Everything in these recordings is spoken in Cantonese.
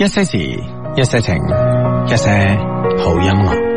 一些事，一些情，一些好音樂。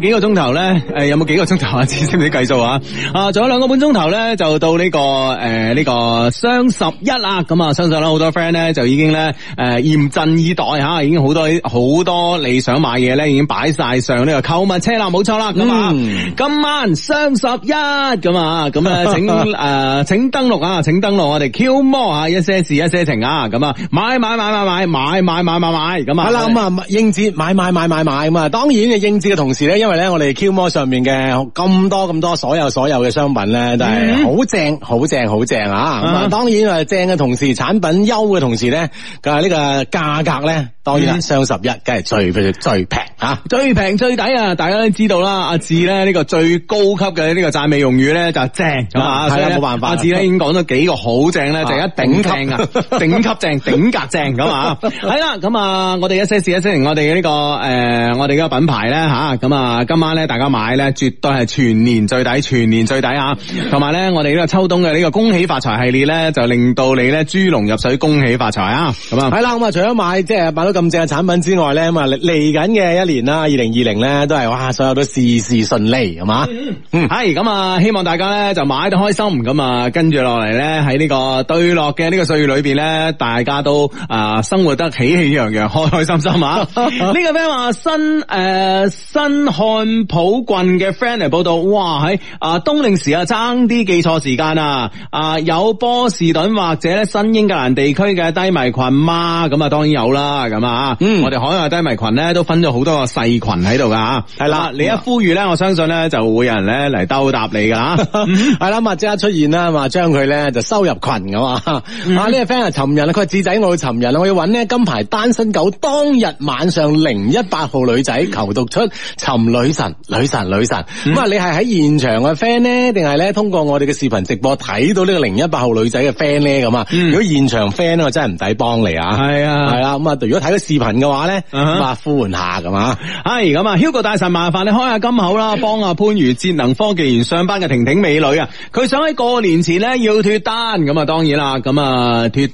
幾個鐘頭咧？誒，有冇幾個鐘頭啊？知唔知計數啊？啊，仲有兩個半鐘頭咧，就到呢個誒呢個雙十一啦。咁啊，相信啦，好多 friend 咧就已經咧誒嚴陣以待吓，已經好多好多你想買嘢咧，已經擺晒上呢個購物車啦。冇錯啦，咁啊，今晚雙十一咁啊，咁啊，請誒請登錄啊，請登錄我哋 Q 摩啊，一些事一些情啊，咁啊，買買買買買買買買買買，咁啊，好啦，咁啊應節買買買買買，咁啊，當然啊應節嘅同時咧，因為咧我哋 Q 摩上。面嘅咁多咁多所有所有嘅商品咧，都係好正好正好正啊！咁啊，當然啊，正嘅同時，產品優嘅同時咧，佢話呢個價格咧，當然雙十一梗係最最最平啊，最平最抵啊！大家都知道啦，阿志咧呢個最高級嘅呢個讚美用語咧就係正咁啊，係啦，冇辦法。阿志咧已經講咗幾個好正咧，就係一頂級啊，頂級正，頂格正咁啊！係啦，咁啊，我哋一試一試，我哋呢個誒，我哋嘅品牌咧吓，咁啊，今晚咧大家買。咧絕對係全年最抵，全年最抵啊！同埋咧，我哋呢個秋冬嘅呢個恭喜發財系列咧，就令到你咧豬籠入水，恭喜發財啊！咁啊，係啦，咁啊，除咗買即係買到咁正嘅產品之外咧，咁啊嚟嚟緊嘅一年啦，二零二零咧都係哇，所有都事事順利，係嘛？係咁啊，希望大家咧就買得開心，咁啊，跟住落嚟咧喺呢個對落嘅呢個歲月裏邊咧，大家都啊、呃、生活得喜氣洋洋，開開心心啊！呢 個咩話新誒、呃、新漢普郡？嘅 friend 嚟報道，哇喺啊冬令時啊爭啲記錯時間啊，啊有波士頓或者咧新英格蘭地區嘅低迷群嗎？咁啊當然有啦咁啊，嗯，我哋海外低迷群咧都分咗好多個細群喺度噶，係啦，你、嗯、一呼籲咧，我相信咧就會有人咧嚟兜答你噶，係啦、嗯，咁即刻出現啦，咁啊將佢咧就收入群噶嘛，嗯、啊呢、呢個 friend 係尋人，佢話志仔我要尋人，我要揾呢金牌單身狗，當日晚上零一八號女仔，求讀出尋女神女神女神。女神，咁啊、嗯，你係喺現場嘅 fan 咧，定係咧通過我哋嘅視頻直播睇到呢個零一八號女仔嘅 fan 咧咁啊？如果現場 fan 咧，我真係唔抵幫你啊！係啊，係啊，咁啊，如果睇到視頻嘅話咧，咁啊，呼喚下咁啊，係咁啊，Hugo 大神麻煩你開下金口啦，幫阿番禺智能科技園上班嘅婷婷美女啊，佢想喺過年前咧要脫單，咁啊，當然啦，咁啊脫誒，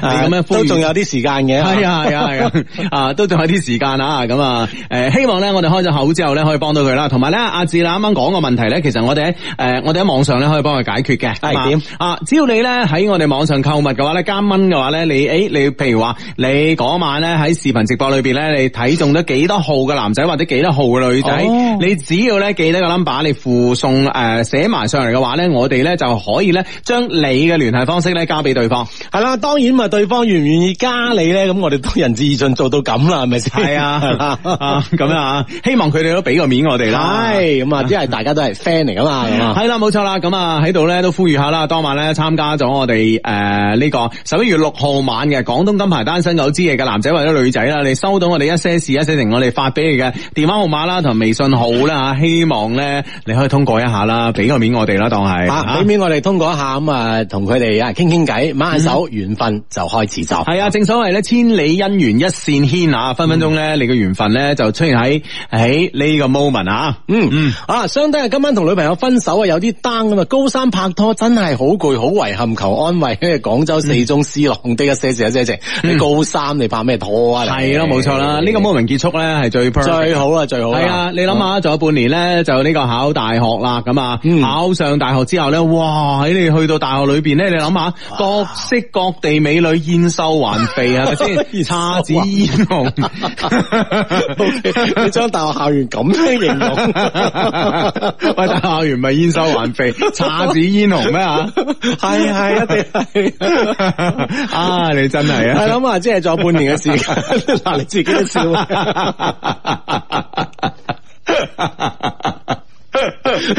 咁樣都仲有啲時間嘅，係啊，係啊，係啊，啊， 啊，都仲有啲時間啊，咁啊，誒，希望咧我哋開咗口之後咧，可以幫到佢啦，同埋咧。阿志啦，啱啱講個問題咧，其實我哋喺誒，我哋喺網上咧可以幫佢解決嘅係點啊？只要你咧喺我哋網上購物嘅話咧，加蚊嘅話咧，你誒、欸，你譬如話你嗰晚咧喺視頻直播裏邊咧，你睇中咗幾多號嘅男仔或者幾多號嘅女仔，哦、你只要咧記得個 number，你附送誒寫埋上嚟嘅話咧，我哋咧就可以咧將你嘅聯繫方式咧交俾對方。係啦，當然咪對方願唔願意加你咧？咁我哋都仁至義盡做到咁啦，係咪先？係啊，咁啊，希望佢哋都俾個面我哋啦。咁啊，因為大家都係 friend 嚟噶嘛，係啦，冇錯啦。咁啊，喺度咧都呼籲下啦。當晚咧參加咗我哋誒呢個十一月六號晚嘅廣東金牌單身狗之夜嘅男仔或者女仔啦，你們收到我哋一些事一些情，我哋發俾你嘅電話號碼啦，同微信號啦，希望咧你可以通過一下啦，俾個面我哋啦，當係俾面我哋通過一下，咁啊同佢哋啊傾傾偈，挽下手，緣分就開始咗。係、嗯、啊，正所謂咧千里姻緣一線牽啊，分分鐘咧你嘅緣分咧就出現喺喺呢個 moment 啊。嗯嗯，啊、嗯，相當係今晚同女朋友分手啊，有啲單㗎嘛。高三拍拖真係好攰，好遺憾，求安慰。因為廣州四中師朗同啲嘅一些事一些情，你高三你拍咩拖啊？係咯對，冇錯啦，呢個 moment 結束咧係最 perfect 最好啦，最好。係啊，你諗下，仲、嗯、有半年咧，就呢個考大學啦，咁啊，嗯、考上大學之後咧，哇，喺你去到大學裏邊咧，你諗下，各色各地美女燕瘦環肥啊，先姹、啊、紫嫣紅， okay, 你將大學校園咁樣形容。但查 完咪煙收還肥，姹紫嫣紅咩一係係啊，你真係啊，係諗啊，即係仲有半年嘅時間，嗱 你自己都笑。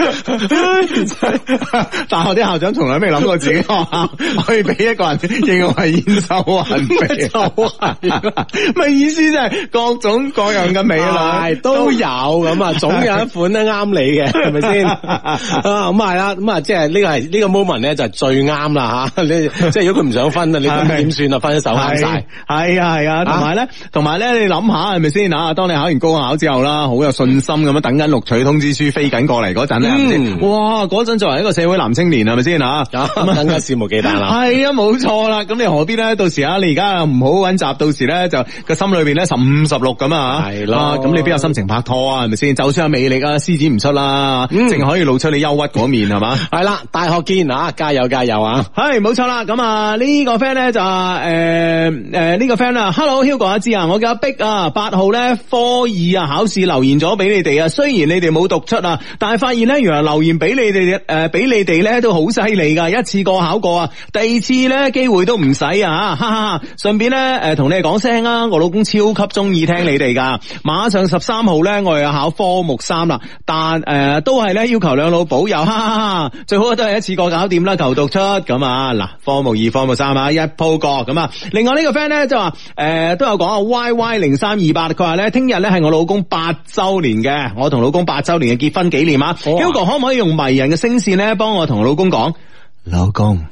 大學啲校長從來未諗過自己學校可以俾一個人認為燕瘦環肥，咪 意思？即係各種各樣嘅美麗、啊哎、都有，咁啊都，總有一款咧啱你嘅，係咪先？咁係啦，咁、嗯、啊、嗯嗯，即係呢、這個係呢個 moment 咧，就最啱啦吓。你即係如果佢唔想分啊，你咁點 的算啊？分咗手啱晒，係啊係啊，同埋咧，同埋咧，你諗下係咪先啊？當你考完高考之後啦，好有信心咁樣等緊錄取通知書飛緊過嚟嗰。是是嗯，哇！嗰陣作為一個社會男青年係咪先吓？咁、嗯、 啊，肆無忌憚啦。係啊，冇錯啦。咁你何必咧？到時啊，你而家唔好揾習，到時咧就個心裏邊咧十五十六咁啊。係啦、哦，咁、啊、你邊有心情拍拖啊？係咪先？就算有魅力啊、嗯，施展唔出啦，淨、嗯、可以露出你憂鬱嗰面係嘛？係啦、 啊，大學見啊，加油加油啊！係， 冇錯啦。咁啊，這個、呢、呃呃這個 friend 咧就誒誒呢個 friend 啦，Hello Hugo 阿志啊，G, 我叫阿 Bic 啊八號咧科二啊考試留言咗俾你哋啊。雖然你哋冇讀出啊，但係發現。原來留言俾你哋誒，俾、呃、你哋咧都好犀利噶，一次過考過啊！第二次咧機會都唔使啊，哈哈哈！順便咧誒，同、呃、你哋講聲啊，我老公超級中意聽你哋噶。馬上十三號咧，我又要考科目三啦，但誒、呃、都係咧要求兩老保佑，哈哈哈！最好都係一次過搞掂啦，求讀出咁啊！嗱，科目二、科目三啊，一鋪過咁啊！另外這個呢個 friend 咧就係話誒都有講啊，YY 零三二八，佢話咧聽日咧係我老公八周年嘅，我同老公八周年嘅結婚紀念啊！Jo 哥、啊、可唔可以用迷人嘅聲線咧，幫我同老公講：老公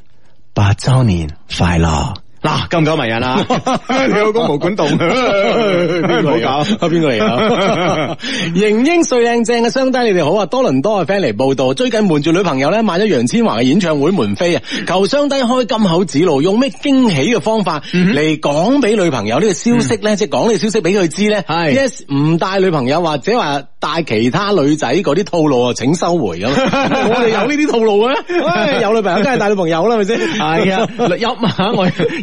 八周年快樂！嗱咁久迷人啦、啊， 你老公冇管動，邊個 搞？邊個嚟啊？盈英碎靚正嘅雙低，你哋好啊！多倫多嘅 friend 嚟報道，最近瞞住女朋友咧，買咗楊千嬅嘅演唱會門飛啊！求雙低開金口指路，用咩驚喜嘅方法嚟講俾女朋友呢個消息咧？即係講呢個消息俾佢知咧？係 yes，唔帶女朋友或者話。帶其他女仔嗰啲套路啊，請收回咁。我哋有呢啲套路嘅？唉，有女朋友梗係帶女朋友啦，係咪先？係啊，有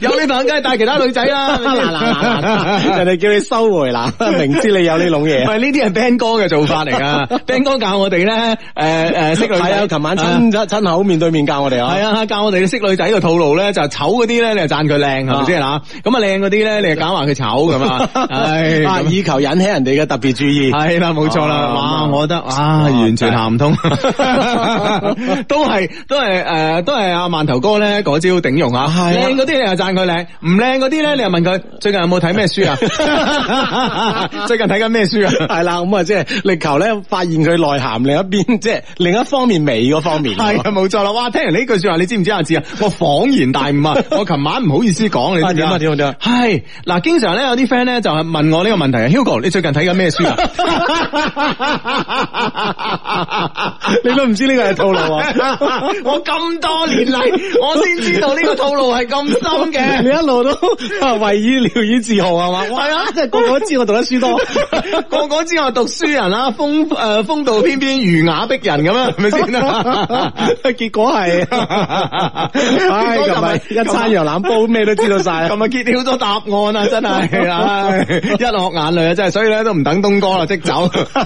有女朋友梗係帶其他女仔啦。嗱嗱嗱，人哋叫你收回啦，明知你有呢籠嘢。唔係呢啲係 Band 哥嘅做法嚟噶，Band 哥教我哋咧，誒誒，識女仔啊。琴晚親親口面對面教我哋啊，係啊，教我哋識女仔嘅套路咧，就係醜嗰啲咧，你就讚佢靚，係咪先啦？咁啊靚嗰啲咧，你就搞話佢醜咁啊，係，以求引起人哋嘅特別注意。係啦，冇錯。哇！我覺得啊，哇完全行唔通， 都係都係誒，都係阿饅頭哥咧嗰招頂用啊。靚嗰啲你又讚佢靚，唔靚嗰啲咧你又問佢最近有冇睇咩書啊？ 最近睇緊咩書啊？係啦， 咁啊即係力求咧發現佢內涵另一邊，即係另一方面美嗰方面。係冇錯啦。哇！聽完呢句說話，你知唔知阿志啊？我恍然大悟，啊， 我琴晚唔好意思講你點啊？點啊？點啊？係嗱，經常咧有啲 friend 咧就係問我呢個問題啊、嗯、，Hugo，你最近睇緊咩書啊？ 你都唔知呢個係套路啊！ 我咁多年嚟，我先知道呢個套路係咁深嘅。 你一路都為以了以自豪係嘛？係啊，以以啊個個都知我讀得書多， 個個知我讀書人啦，啊。風誒、呃，風度翩翩儒雅逼人咁啊，係咪先啊？ 結果係是，唉、 哎，琴日一餐羊腩煲咩都知道晒，琴日揭曉咗答案啊！真係，啊，哎， 一落眼淚啊！真係，所以咧都唔等東哥啦，即走。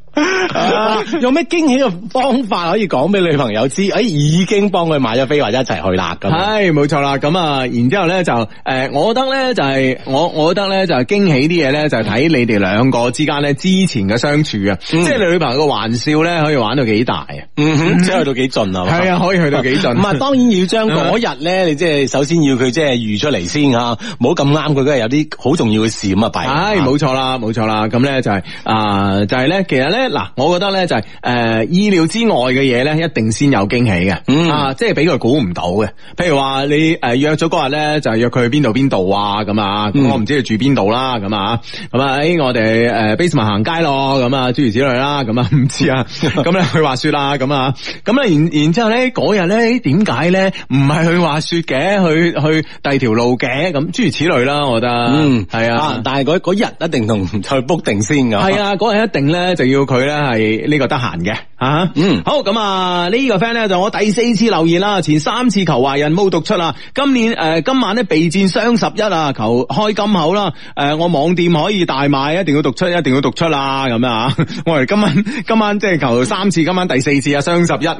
啊、有咩驚喜嘅方法可以講俾女朋友知？誒，已經幫佢買咗飛或者一齊去啦。咁係冇錯啦。咁啊，然之後咧就誒，我覺得咧就係、是、我我覺得咧就係、是、驚喜啲嘢咧就係、是、睇你哋兩個之間咧之前嘅相處啊。嗯、即係女朋友嘅玩笑咧可以玩到幾大、嗯、哼是到幾盡啊！即係去到幾盡啊？係啊，可以去到幾盡、啊。咁啊， 當然要將嗰日咧， 你即係首先要佢即係預出嚟先他要這樣是啊。冇咁啱佢今日有啲好重要嘅事咁啊弊。係冇錯啦，冇錯啦。咁咧就係、是、啊，就係、是、咧，其實咧。嗱，我覺得咧就係、是、誒、呃、意料之外嘅嘢咧，一定先有驚喜嘅，啊，嗯、即係俾佢估唔到嘅。譬如話你誒約咗嗰日咧，就約佢去邊度邊度啊，咁啊，我唔知佢住邊度啦，咁啊，咁啊，我哋誒 basement 行街咯，咁啊，諸如此類啦，咁啊唔知啊，咁咧去滑雪啦，咁啊，咁咧、啊、然然之後咧嗰日咧點解咧唔係去滑雪嘅，去去第二條路嘅，咁諸如此類啦、啊，我覺得，嗯，係啊，啊，但係嗰日一定同再 book 定先噶，係啊，嗰日、啊啊、一定咧就要。佢咧係呢個得閒嘅。啊，uh huh. 嗯，好，咁啊、這個、呢個 friend 咧就我第四次留言啦，前三次求華人冇讀出啊，今年誒、呃、今晚咧備戰雙十一啊，求開金口啦，誒、呃、我網店可以大賣，一定要讀出，一定要讀出啦，咁樣啊，我哋今晚今晚即係求三次，今晚第四次啊雙十一，誒，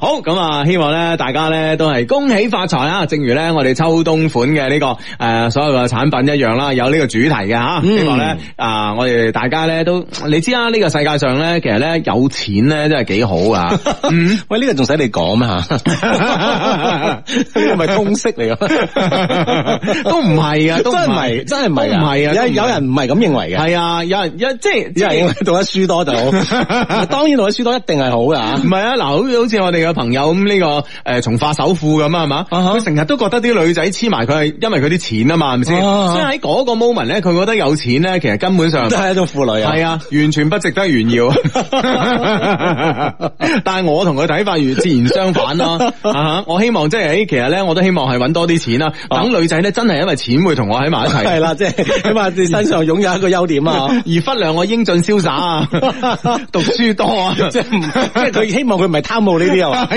好，咁啊希望咧大家咧都係恭喜發財啊。正如咧我哋秋冬款嘅呢、這個誒、呃、所有嘅產品一樣啦，有呢個主題嘅吓，啊嗯、希望呢個咧。啊！我哋大家咧都你知啦，呢個世界上咧，其實咧有錢咧真係幾好啊。喂，呢個仲使你講咩吓？呢個咪公式嚟嘅？都唔係啊，都唔係，真係唔係啊，有有人唔係咁認為嘅。係啊，有人，即係有人讀得書多就，好。當然讀得書多一定係好㗎。唔係啊，嗱，好似我哋嘅朋友咁，呢個誒從化首富咁啊，係嘛？佢成日都覺得啲女仔黐埋佢係因為佢啲錢啊嘛，係咪先？所以喺嗰個 moment 咧，佢覺得有錢咧。其實根本上都係一種負累，係啊，完全不值得炫耀。但係我同佢睇法如自然相反咯。我希望即係誒，其實咧，我都希望係揾多啲錢啦。等女仔咧真係因為錢會同我喺埋一齊。係啦，即係咁啊，你身上擁有一個優點啊，而忽略我英俊瀟灑啊，讀書多啊，即係即係佢希望佢唔係貪慕呢啲啊。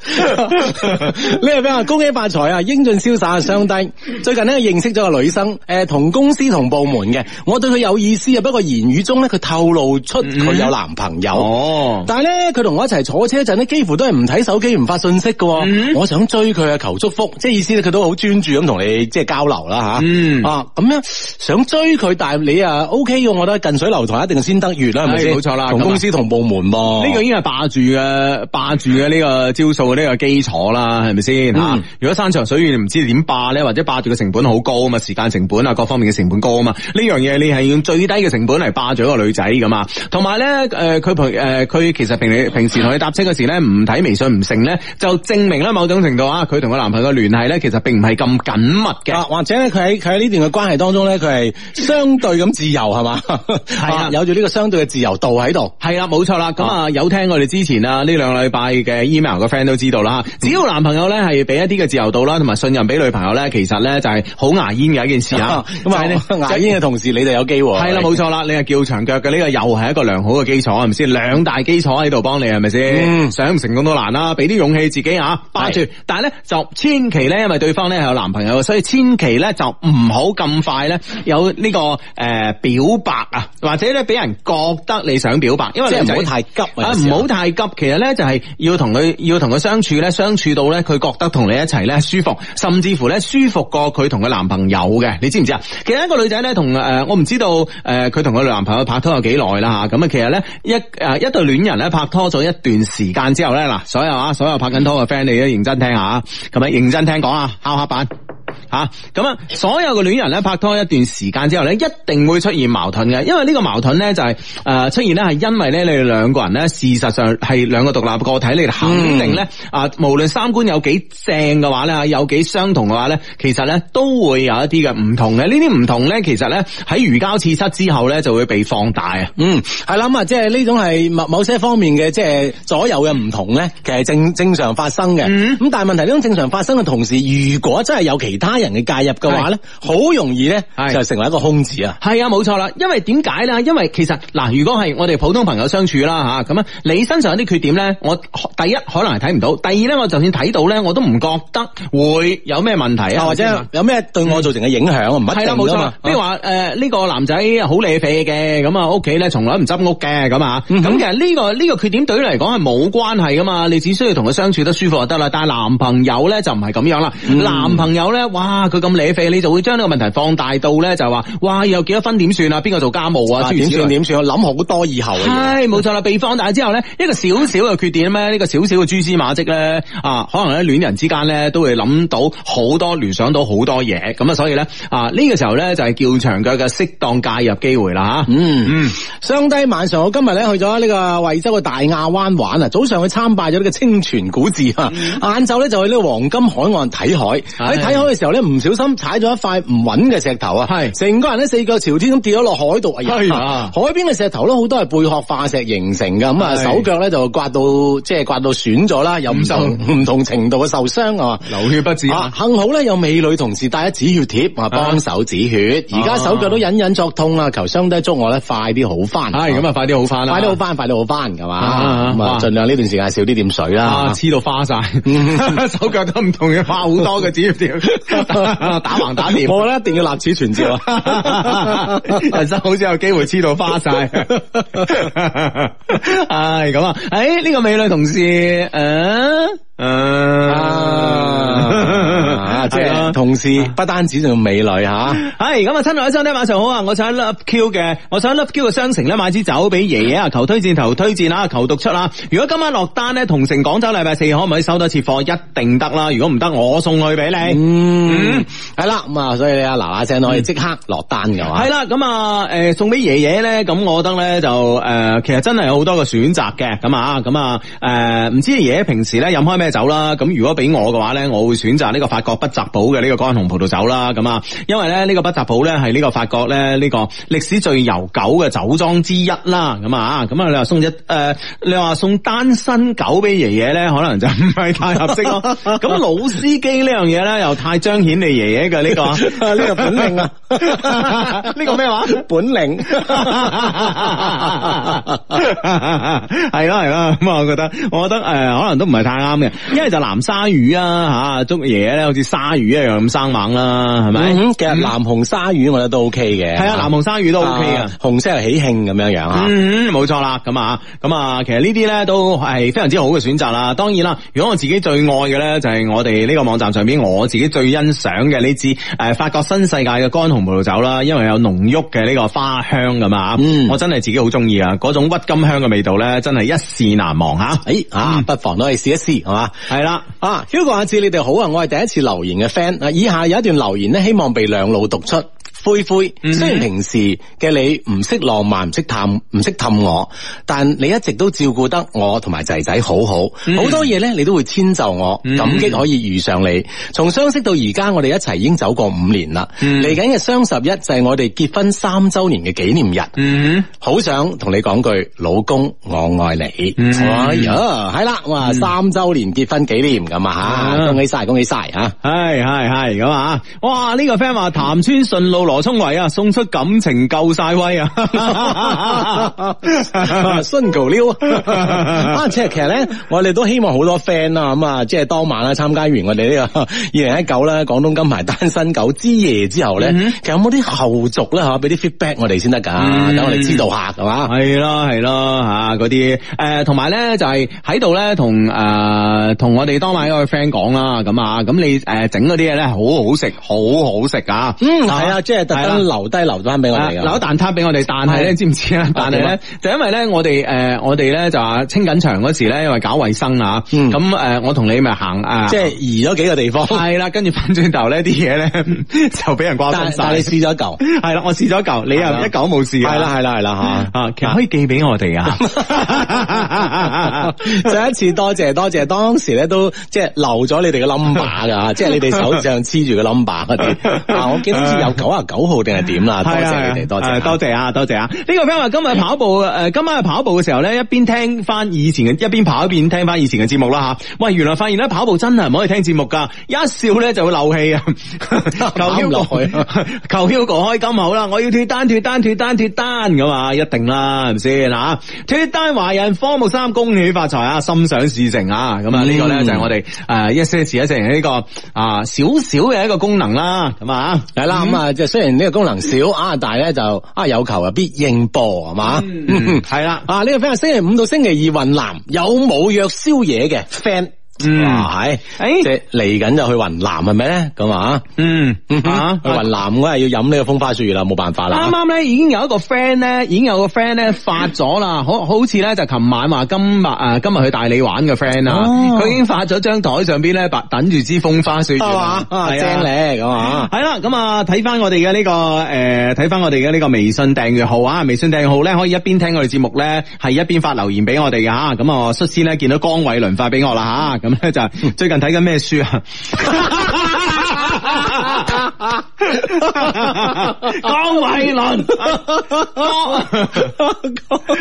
呢個咩啊？恭 喜發財啊！英俊瀟灑啊，雙低。最近呢，認識咗個女生，誒，同公司同部門嘅，我對佢有意思啊。不過言語中咧，佢透露出佢有男朋友。哦、嗯，但係咧，佢同我一齊坐車陣呢，幾乎都係唔睇手機，唔發信息嘅。嗯、我想追佢啊，求祝福，即係意思咧，佢都好專注咁同你即係交流啦，吓、嗯啊。嗯啊，咁樣想追佢，但係你啊，OK 嘅，我覺得近水樓台一定先得月啦，係咪冇錯啦。同錯公司天同部門噃，呢個已經係霸住嘅，霸住嘅呢個招數。呢個基礎啦，係咪先吓？嗯、如果山長水遠唔知點霸咧，或者霸住嘅成本好高啊嘛，嗯、時間成本啊，各方面嘅成本高啊嘛。呢樣嘢你係用最低嘅成本嚟霸住一個女仔噶嘛。同埋咧，誒佢平誒佢其實平平時同你搭車嗰時咧，唔睇微信唔成咧，就證明咧某種程度啊，佢同個男朋友嘅聯繫咧，其實並唔係咁緊密嘅，或者咧佢喺佢喺呢段嘅關係當中咧，佢係相對咁自由係嘛，係啊，有住呢個相對嘅自由度喺度，係啦，冇錯啦。咁啊，啊有聽我哋之前啊呢兩禮拜嘅 email 嘅 friend 都。知道啦，只要男朋友咧係俾一啲嘅自由度啦，同埋信任俾女朋友咧，其實咧就係好牙煙嘅一件事啊。咁啊、哦，呢牙煙嘅同時，你就有機會係啦，冇錯啦，你係叫長腳嘅呢個又係一個良好嘅基礎係咪先？兩大基礎喺度幫你係咪先？是不是嗯、想唔成功都難啦，俾啲勇氣自己啊，霸住。是但係咧就千祈咧，因為對方咧係有男朋友，所以千祈咧就唔好咁快咧有呢、這個誒、呃、表白啊，或者咧俾人覺得你想表白，因為你唔好是太急啊，唔好太急。其實咧就係要同佢要同佢相相處咧相處到咧佢覺得同你一齊咧舒服，甚至乎咧舒服過佢同佢男朋友嘅，你知唔知啊？其實一個女仔咧同誒我唔知道誒，佢同佢男朋友拍拖有幾耐啦吓，咁啊其實咧一誒一對戀人咧拍拖咗一段時間之後咧，嗱所有啊所有拍緊拖嘅 friend 你都認真聽下，咁啊認真聽講啊，敲黑板。吓咁啊！所有嘅戀人咧拍拖一段時間之後咧，一定會出現矛盾嘅。因為呢個矛盾咧就係、是、誒、呃、出現咧係因為咧你哋兩個人咧事實上係兩個獨立個體嚟，你哋肯定咧、嗯、啊無論三觀有幾正嘅話咧，有幾相同嘅話咧，其實咧都會有一啲嘅唔同嘅。這些不同呢啲唔同咧，其實咧喺如膠似漆之後咧就會被放大。嗯，係啦，咁啊，即係呢種係某某些方面嘅即係左右嘅唔同咧，其實正正常發生嘅。咁、嗯、但係問題呢種正常發生嘅同時，如果真係有其其他人嘅介入嘅話咧，好是容易咧是就成為一個空子啊！係啊，冇錯啦，因為點解咧？因為其實嗱，如果係我哋普通朋友相處啦吓，咁啊，你身上有啲缺點咧，我第一可能係睇唔到，第二咧，我就算睇到咧，我都唔覺得會有咩問題啊，或者有咩對我造成嘅影響，唔、啊、一定噶嘛。譬、啊啊、如話誒呢個男仔好理皮嘅，咁啊屋企咧從來唔執屋嘅，咁啊咁其實呢、這個呢、這個缺點對你嚟講係冇關係噶嘛，你只需要同佢相處得舒服就得啦。但係男朋友咧就唔係咁樣啦，嗯、男朋友咧。哇！佢咁理啡，你就會將呢個問題放大到咧，就係話哇，又幾多分點算啊？邊個做家務啊？點算點算？辦的我諗好多以後。係冇錯啦，錯的被放大之後咧，一個小小嘅缺點咧，呢個小小嘅蛛絲馬跡咧啊，可能喺戀人之間咧都會諗到好多，聯想到好多嘢。咁啊，所以咧啊呢個時候咧就係叫長腳嘅適當介入機會啦吓、啊嗯。嗯嗯，雙低晚上我今日咧去咗呢個惠州嘅大亞灣玩啊，早上去參拜咗呢個清泉古寺，啊。晏晝咧就去呢個黃金海岸睇海，喺睇、哎、呀海。時候咧唔小心踩咗一塊唔穩嘅石頭啊，係成個人咧四腳朝天咁跌咗落海度啊！係海邊嘅石頭咧好多係貝殼化石形成嘅，咁啊手腳咧就刮到即係刮到損咗啦，有唔同唔同程度嘅受傷啊，流血不止。幸好咧有美女同事帶咗止血貼啊，幫手止血。而家手腳都隱隱作痛啊，求上帝祝我咧快啲好翻。係咁啊，快啲好翻啦！快啲好翻，快啲好翻，係嘛？啊，盡量呢段時間少啲掂水啦，黐到花晒，手腳都唔同嘅花好多嘅止血貼。打橫打掂，我咧一定要立此存照，人生好似有機會黐到花晒，啊哎。唉咁啊！誒、哎，呢、這個美女同事，誒、啊。嗯。啊啊，即係同事，不單止仲美女吓，係咁啊！親愛嘅收聽晚上好啊！我想喺 LoveQ 嘅，我想喺 LoveQ 嘅商城咧買支酒俾爺爺啊！求推薦，求推薦啊！求讀出啦！如果今晚落單咧，同城廣州禮拜四可唔可以收得切貨？一定得啦！如果唔得，我送去俾你。嗯，係啦、嗯，咁啊、嗯，所以你啊嗱嗱聲可以即刻落單嘅話，係啦，咁啊，誒，送俾爺爺咧，咁我覺得咧就誒、呃，其實真係有好多嘅選擇嘅，咁啊，咁、呃、啊，誒，唔知爺爺平時咧飲開咩酒啦？咁如果俾我嘅話咧，我會選擇呢個法國。不雜寶嘅呢個乾紅葡萄酒啦，咁啊，因為咧呢個不雜寶咧係呢個法國咧呢個歷史最悠久嘅酒莊之一啦，咁啊，咁啊你話送隻誒，你話送，、呃、送單身狗俾爺爺咧，可能就唔係太合適咯。咁 老司機呢樣嘢咧，又太彰顯你爺爺嘅呢個呢、 啊這個本領啊，呢 個咩話 本領？係啦係啦，咁啊，我覺得我覺得誒、呃，可能都唔係太啱嘅，一係就南沙魚啊吓，祝爺爺咧好似。鯊魚一樣咁生猛啦，係咪？嗯、哼其實藍紅鯊魚我覺得都 OK 嘅，係啊，藍紅鯊魚都 OK 嘅，紅色又喜慶咁樣樣、嗯、啊，冇錯、嗯、啦，咁啊，咁啊，其實呢啲咧都係非常之好嘅選擇啦。當然啦，如果我自己最愛嘅咧就係、是、我哋呢個網站上邊我自己最欣賞嘅呢支誒，你法國新世界嘅乾紅葡萄酒啦，因為有濃郁嘅呢個花香噶、嗯哎、啊，我真係自己好中意啊，嗰種鬱金香嘅味道咧真係一試難忘誒啊，不妨都可以試一試，係嘛？係啦，啊，阿志你哋好啊，我係第一次留言嘅 friend 啊，以下有一段留言咧，希望被兩老讀出。灰灰，雖然平時嘅你唔識浪漫，唔識氹，唔識氹我，但你一直都照顧得我同埋仔仔好好，好、嗯、多嘢咧你都會遷就我，嗯、感激可以遇上你。從相識到而家，我哋一齊已經走過五年啦。嚟緊嘅雙十一就係我哋結婚三周年嘅紀念日。嗯，好想同你講句，老公我愛你。嗯、哎呀，係啦，哇，三周年結婚紀念咁啊吓，恭喜晒，恭喜晒吓。係係係咁啊，哇，呢個 friend 話談村順路。羅冲偉啊，送出感情救晒威啊！single new，即係其實咧，我哋都希望好多 friend 啊。咁啊，即係當晚咧，參加完我哋呢個二零一九咧廣東金牌單身狗之夜之後咧，嗯、其實有冇啲後續咧，可俾啲 feedback 我哋先得噶，等、嗯、我哋知道下係嘛？係咯係咯吓，嗰啲誒，同埋咧就係喺度咧，同誒同我哋當晚嗰個 friend 講啦，咁啊，咁你誒整嗰啲嘢咧，啊、好好食、啊，好好食噶，嗯，係啊，即係。係啦，特登留低留翻俾我哋留一蛋撻俾我哋，但係咧知唔知啊？但係咧就因為咧我哋誒，我哋咧就話清緊場嗰時咧，因為搞衛生啊，咁誒，我同你咪行啊，即係移咗幾個地方，係啦，跟住翻轉頭呢啲嘢咧就俾人掛晒。但係你試咗嚿，係啦，我試咗嚿，你又一嚿冇事。係啦，係啦，係啦，吓，其實可以寄俾我哋啊。上一次多謝多謝，當時咧都即係留咗你哋嘅 number 噶，即係你哋手上黐住嘅 number 嗰啲。我記得好似有九啊。九號定係點啦？ 多謝你哋，多謝、啊、多謝啊，多謝啊！呢、啊啊這個 friend 話今日跑步誒，今晚去跑步嘅時候咧，一邊聽翻以前嘅，一邊跑一邊聽翻以前嘅節目啦吓。喂，原來發現咧跑步真係唔可以聽節目噶，一笑咧就會漏氣啊！求 U 來， 求 U 哥開心好啦！我要脫單，脫單，脫單，脫單咁啊，一定啦，係咪先嗱？脫單華人，科目三恭喜發財啊，心想事成啊！咁啊，呢個咧就係我哋誒一些事一些情呢個啊少少嘅一個功能啦，咁啊係啦，咁啊即係雖然呢個功能少啊，但係咧就啊有求啊必應播係嘛。嗯係啦啊呢個 friend 啊，這個、星期五到星期二雲南有冇約宵夜嘅 friend？嗯，係，誒即係，嚟緊就去雲南係咪咧？咁啊，嗯，吓，去雲南嗰日要飲呢個風花雪月啦，冇辦法啦。啱啱咧，已經有一個 friend 咧，已經有個 friend 咧發咗啦，好好似咧就琴晚話今日啊今日去大理玩嘅 friend 啊。佢已經發咗張台上邊咧等住支風花雪月啊，係正啊，咁啊，係啦，咁啊睇翻我哋嘅呢個誒睇翻我哋嘅呢個微信訂閱號啊，微信訂閱號咧可以一邊聽我哋節目咧係一邊發留言俾我哋嘅吓，咁啊率先咧見到江偉倫發俾我啦吓。咧就係最近睇緊咩書啊？ 江偉倫，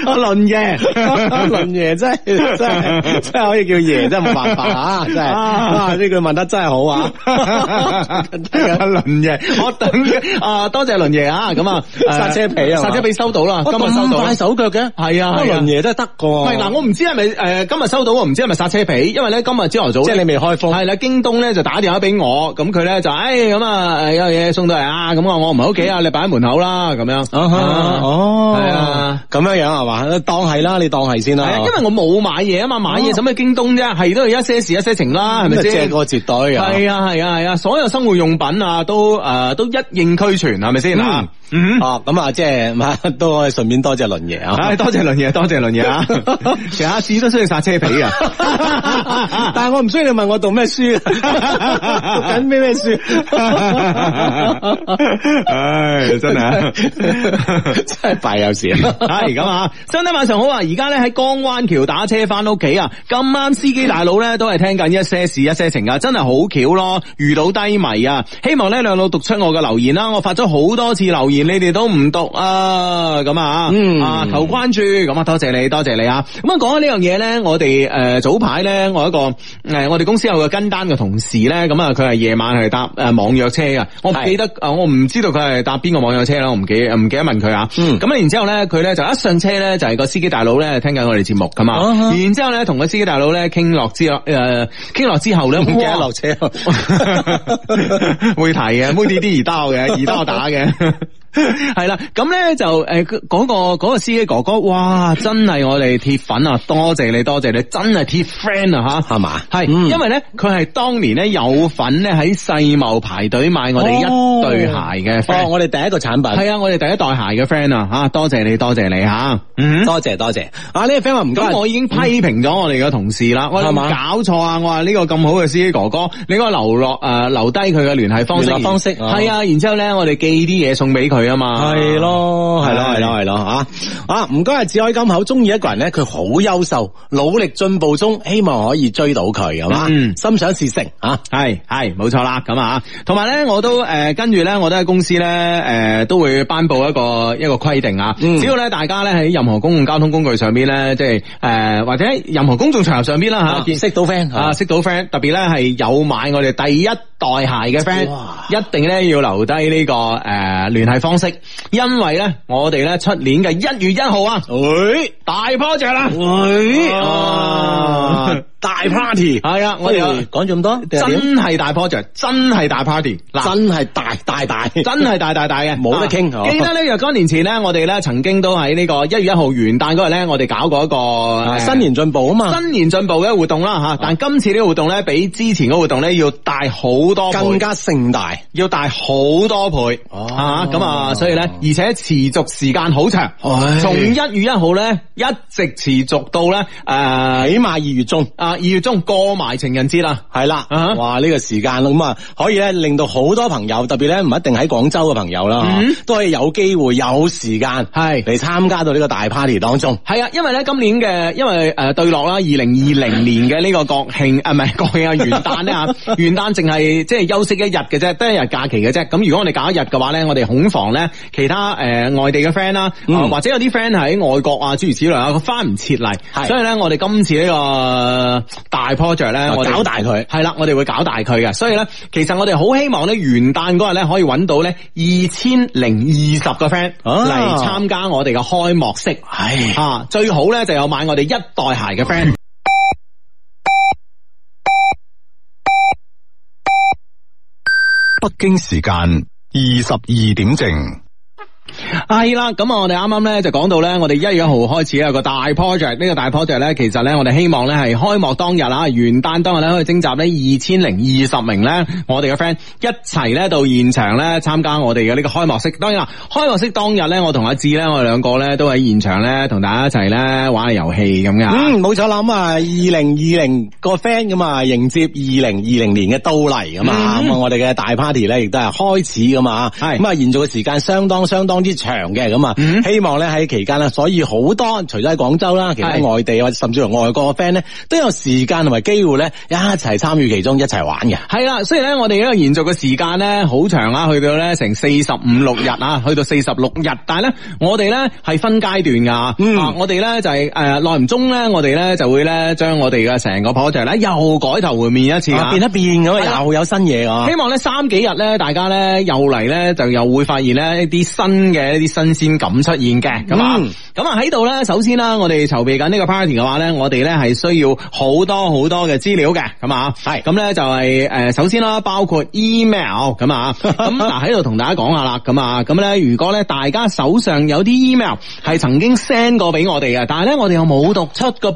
阿倫爺，阿倫爺真係真係真係可以叫爺，真冇辦法的啊！真係，呢句問得真係好啊！阿倫爺，我等嘅，啊多謝倫爺啊！咁啊，剎車皮啊，剎車皮收到啦，今，今日收到，手腳嘅，係啊，倫爺真係得個，係、嗯、嗱，我唔知係咪誒，今日收到，唔知係咪剎車皮，因為咧今日朝頭早，上早是即是，即係你未開封，係啦，京東咧就打電話俾我，咁佢咧就。哎，咁、嗯、啊，有嘢送到嚟啊，咁啊，我唔喺屋企啊，你擺喺門口啦，咁樣，啊，哦，係啊，咁樣樣係嘛，當係啦，你當係先啦，係、啊，因為我冇買嘢啊嘛，買嘢使乜京東啫，係、啊、都係一些事一些情啦，係咪先？是是借個絕對啊！係啊係啊係啊，啊，所有生活用品啊，都誒都一應俱全，係咪先啊？嗯嗯，哦，咁啊，即係，咁啊，都可以順便多謝輪、啊、多謝輪爺啊，多謝輪爺，多謝輪爺啊，成 下試都 需要剎車皮啊，但係我唔需要你問我讀咩書，讀緊咩咩書，唉、 哎，真係、啊、真係弊，有時係咁啊，真係晚、啊、 上好啊，而家咧喺江灣橋打車翻屋企啊，咁啱司機大佬咧都係聽緊一些事一些情啊，真係好巧咯，遇到低迷啊，希望咧兩老讀出我嘅留言啦、啊，我發咗好多次留言。你哋都唔讀啊，咁啊，求、嗯、關注，咁啊，多謝你，多謝你啊。咁啊，講起呢樣嘢咧，我哋誒、呃、早排咧，我一個誒、呃，我哋公司有個跟單嘅同事咧，咁、呃、啊，佢係夜晚係搭誒、呃、網約車，我唔記得，啊、我唔知道佢係搭邊個網約車啦，我唔記，、啊、記，唔記得問佢啊。咁啊，嗯、然之後咧，佢咧就一上車咧，就係、是、個司機大佬咧聽緊我哋節目噶嘛。啊啊、然後呢跟呢之，之後咧，同個司機大佬咧傾落之，誒，傾落之後咧，唔記得落車，會提嘅，妹好呢啲而刀嘅，二刀打嘅。係啦，咁咧就誒嗰、那個嗰、那個司機哥哥，哇，真係我哋鐵粉、哦、啊，啊！多謝你，多謝你，真係鐵 friend 啊吓，係嘛？係因為咧，佢係當年咧有份咧喺世貿排隊買我哋一對鞋嘅，哦，我哋第一個產品係啊，我哋第一代鞋嘅 friend 啊吓，多謝、啊、你、啊，多謝你吓，嗯，多謝多謝啊呢個 friend 話唔該，咁我已經批評咗我哋嘅同事啦，嗯、我話搞錯啊，我話呢個咁好嘅司機哥哥，你可留落誒留低佢嘅聯繫方式，方式係、哦、啊，然之後咧我哋寄啲嘢送俾佢。佢啊嘛，係咯，係咯，係咯，係咯，吓啊！唔該，係只可金口，中意一個人咧，佢好優秀，努力進步中，希望可以追到佢，係嘛？嗯，心想事成啊，係係冇錯啦，咁啊，同埋咧，我都誒、呃、跟住咧，我都喺公司咧，誒、呃、都會頒布一個一個規定啊。嗯、只要咧大家咧喺任何公共交通工具上邊咧，即係誒、呃、或者任何公眾場合上邊啦吓，認、啊啊、識到 friend 啊，識到 friend，、啊、特別咧係有買我哋第一代鞋嘅 friend，哇一定咧要留低呢、這個誒聯繫方。方式，因為咧，我哋咧出年嘅一月一號啊，喂、啊，大 project 啦，喂。大 party 係啊！我哋講咁多，真係大 project，真係大 party，嗱，真係大、大、大，真係大、大、大嘅，冇得傾。記得呢，若干年前呢，我哋呢，曾經都喺呢個一月一號元旦嗰日呢，我哋搞過一個新年進步啊嘛，新年進步嘅活動啦吓。但今次呢個活動呢，比之前個活動呢，要大好多，更加盛大，要大好多倍啊！咁啊，所以呢，而且持續時間好長，從一月一號呢，一直持續到呢，誒，起碼二月中。二月中過埋情人節啦，係啦了，uh huh. 哇呢、這個時間咁啊可以咧令到好多朋友，特別咧唔一定喺廣州嘅朋友啦，mm hmm. 都可以有機會有時間係嚟參加到呢個大 party 當中。係啊，因為咧今年嘅因為誒對落啦，二零二零年嘅呢個國慶，係咪、 啊、國慶啊元旦呢，啊 元旦淨係即係休息一日嘅啫，得一日假期嘅啫。咁如果我哋假一日嘅話咧，我哋恐防咧其他誒、呃、外地嘅 friend 啦，或者有啲 friend 喺外國啊諸如此類啊，佢翻唔切嚟，是所以咧我哋今次呢、這個。大 project 咧，我們搞大佢係啦，我哋會搞大佢嘅。所以咧，其實我哋好希望咧，元旦嗰日咧可以揾到咧二千零二十個 friend 嚟參加我哋嘅開幕式。啊、唉，啊，最好咧就有買我哋一代鞋嘅 friend。北京時間二十二點正。係啦，咁啊，我哋啱啱咧就講到咧，我哋一月一號開始有個大 project，呢、呢個大 project 咧，其實咧我哋希望咧係開幕當日啦，元旦當日咧，可以徵集呢二千零二十名咧，我哋嘅 friend 一齊咧到現場咧參加我哋嘅呢個開幕式。當然啦，開幕式當日咧，我同阿志咧，我哋兩個咧都喺現場咧同大家一齊咧玩下遊戲咁噶樣。嗯，冇錯，諗啊，二零二零個 friend 咁啊，迎接二零二零年嘅到嚟咁啊，咁啊、嗯，嗯、我哋嘅大 party 咧亦都係開始咁啊，咁啊是，延續嘅時間相當相當之長。長嘅咁啊，希望咧喺期間咧，所以好多除咗喺廣州啦，其他外地或者甚至乎外國嘅 friend 咧，都有時間同埋機會咧，一齊參與其中，一齊玩嘅。係啦，雖然咧我哋呢個延續嘅時間咧好長啊，去到咧成四十五六日啊，去到四十六日，但係咧我哋咧係分階段噶。嗯，我哋咧就係誒，耐唔中咧，我哋咧就會咧將我哋嘅成個 project 咧又改頭換面一次，變一變咗，又有新嘢啊！希望咧三幾日咧，大家咧又嚟咧，就又會發現咧一啲新嘅一啲。新鮮感出現嘅，咁啊、嗯，咁啊喺度呢。首先啦，我哋籌備緊呢個 party 嘅話呢，我哋呢係需要好多好多嘅資料嘅，咁啊是，係，咁呢，就係誒，首先啦，包括 email，咁啊，咁嗱喺度同大家講下啦，咁啊，咁呢，如果呢大家手上有啲 email 係曾經 send 過俾我哋嘅，但係、啊、呢，我哋又冇讀出㗎噃，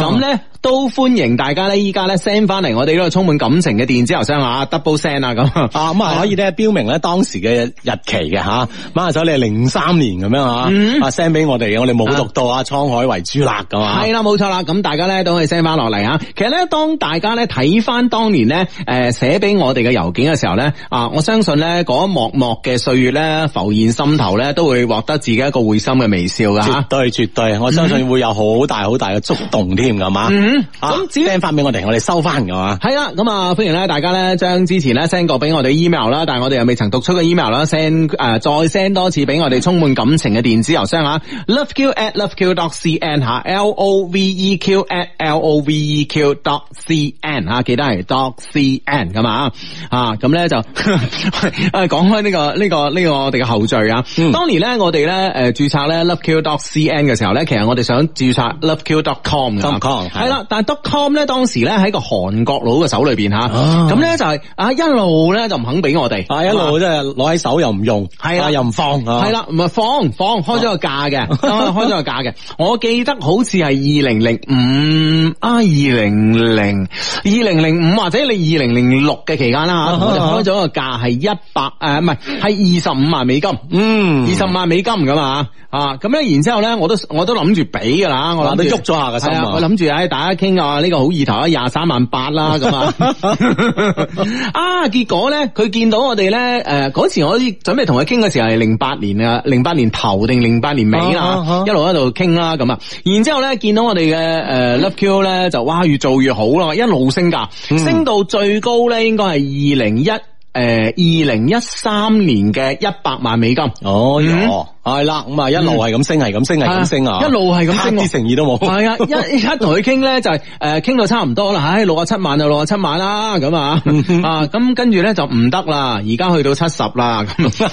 咁呢。都歡迎大家咧，依家咧 send 翻嚟我哋嗰個充滿感情嘅電子郵箱啊，double send 啊咁啊，咁啊可以咧標明咧當時嘅日期嘅吓，馬阿嫂你係零三年咁樣啊，send 俾、嗯、我哋我哋冇讀到啊，滄海為珠啦咁啊，係啦，冇錯啦，咁大家咧都可以 send 翻落嚟啊。其實咧，當大家咧睇翻當年咧，誒寫俾我哋嘅郵件嘅時候咧，啊，我相信咧嗰一幕幕嘅歲月咧浮現心頭咧，都會獲得自己一個會心嘅微笑噶，啊、絕對絕對，我相信會有好大好大嘅觸動添，係嘛、嗯？啊嗯，咁 send 發俾我哋，我哋收翻㗎嘛。係啦，咁啊，歡迎咧，大家咧將之前咧 send 過俾我哋 email 啦，但係我哋又未曾讀出嘅 email 啦，send 誒、呃、再 send 多次俾我哋充滿感情嘅電子郵箱啊，loveq at loveq dot cn 吓，l o v e q at l o v e q dot c n 吓，記得係 dot c n 咁啊，咁咧、嗯、那就誒講 開呢、這個呢、這個呢、這個我哋嘅後綴啊。嗯、當年咧我哋咧誒註冊咧 loveq.cn 嘅時候咧，其實我哋想註冊 loveq.com 㗎。係啦、嗯。但係 dot com 咧，當時咧喺個韓國佬嘅手裏邊吓，咁咧就係啊一路咧就唔肯俾我哋，啊一路即係攞喺手又唔用，係啊又唔放，係啦唔係放放開咗個價嘅，開咗個價嘅，我記得好似係二零零五啊二零零二零零五或者你二零零六嘅期間啦我就開咗個價係一百誒唔係係二十五萬美金，嗯二十萬美金咁啊吓，咁咧然之後咧我都我都諗住俾噶啦，我諗住喐咗下個心我諗住喺打。傾啊，呢、這個好意頭啊，廿三萬八啦咁 啊，啊結果咧，佢見到我哋咧，誒、呃、嗰時我準備同佢傾嘅時候係零八年啊，零八年頭定零八年尾啦，一路喺度傾啦咁啊，啊一直一直然之後咧見到我哋嘅誒 Love Q 咧就哇越做越好啦，一路升價，嗯、升到最高咧應該係二零一誒二零一三年嘅一百萬美金哦。嗯嗯係啦，咁啊一路係咁升，係咁升，係咁升啊！一路係咁升，啲誠意都冇。係啊，一一同佢傾咧就係誒，傾到差唔多啦，唉六啊七萬就六啊七萬啦，咁啊啊，咁跟住咧就唔得啦，而家去到七十啦，咁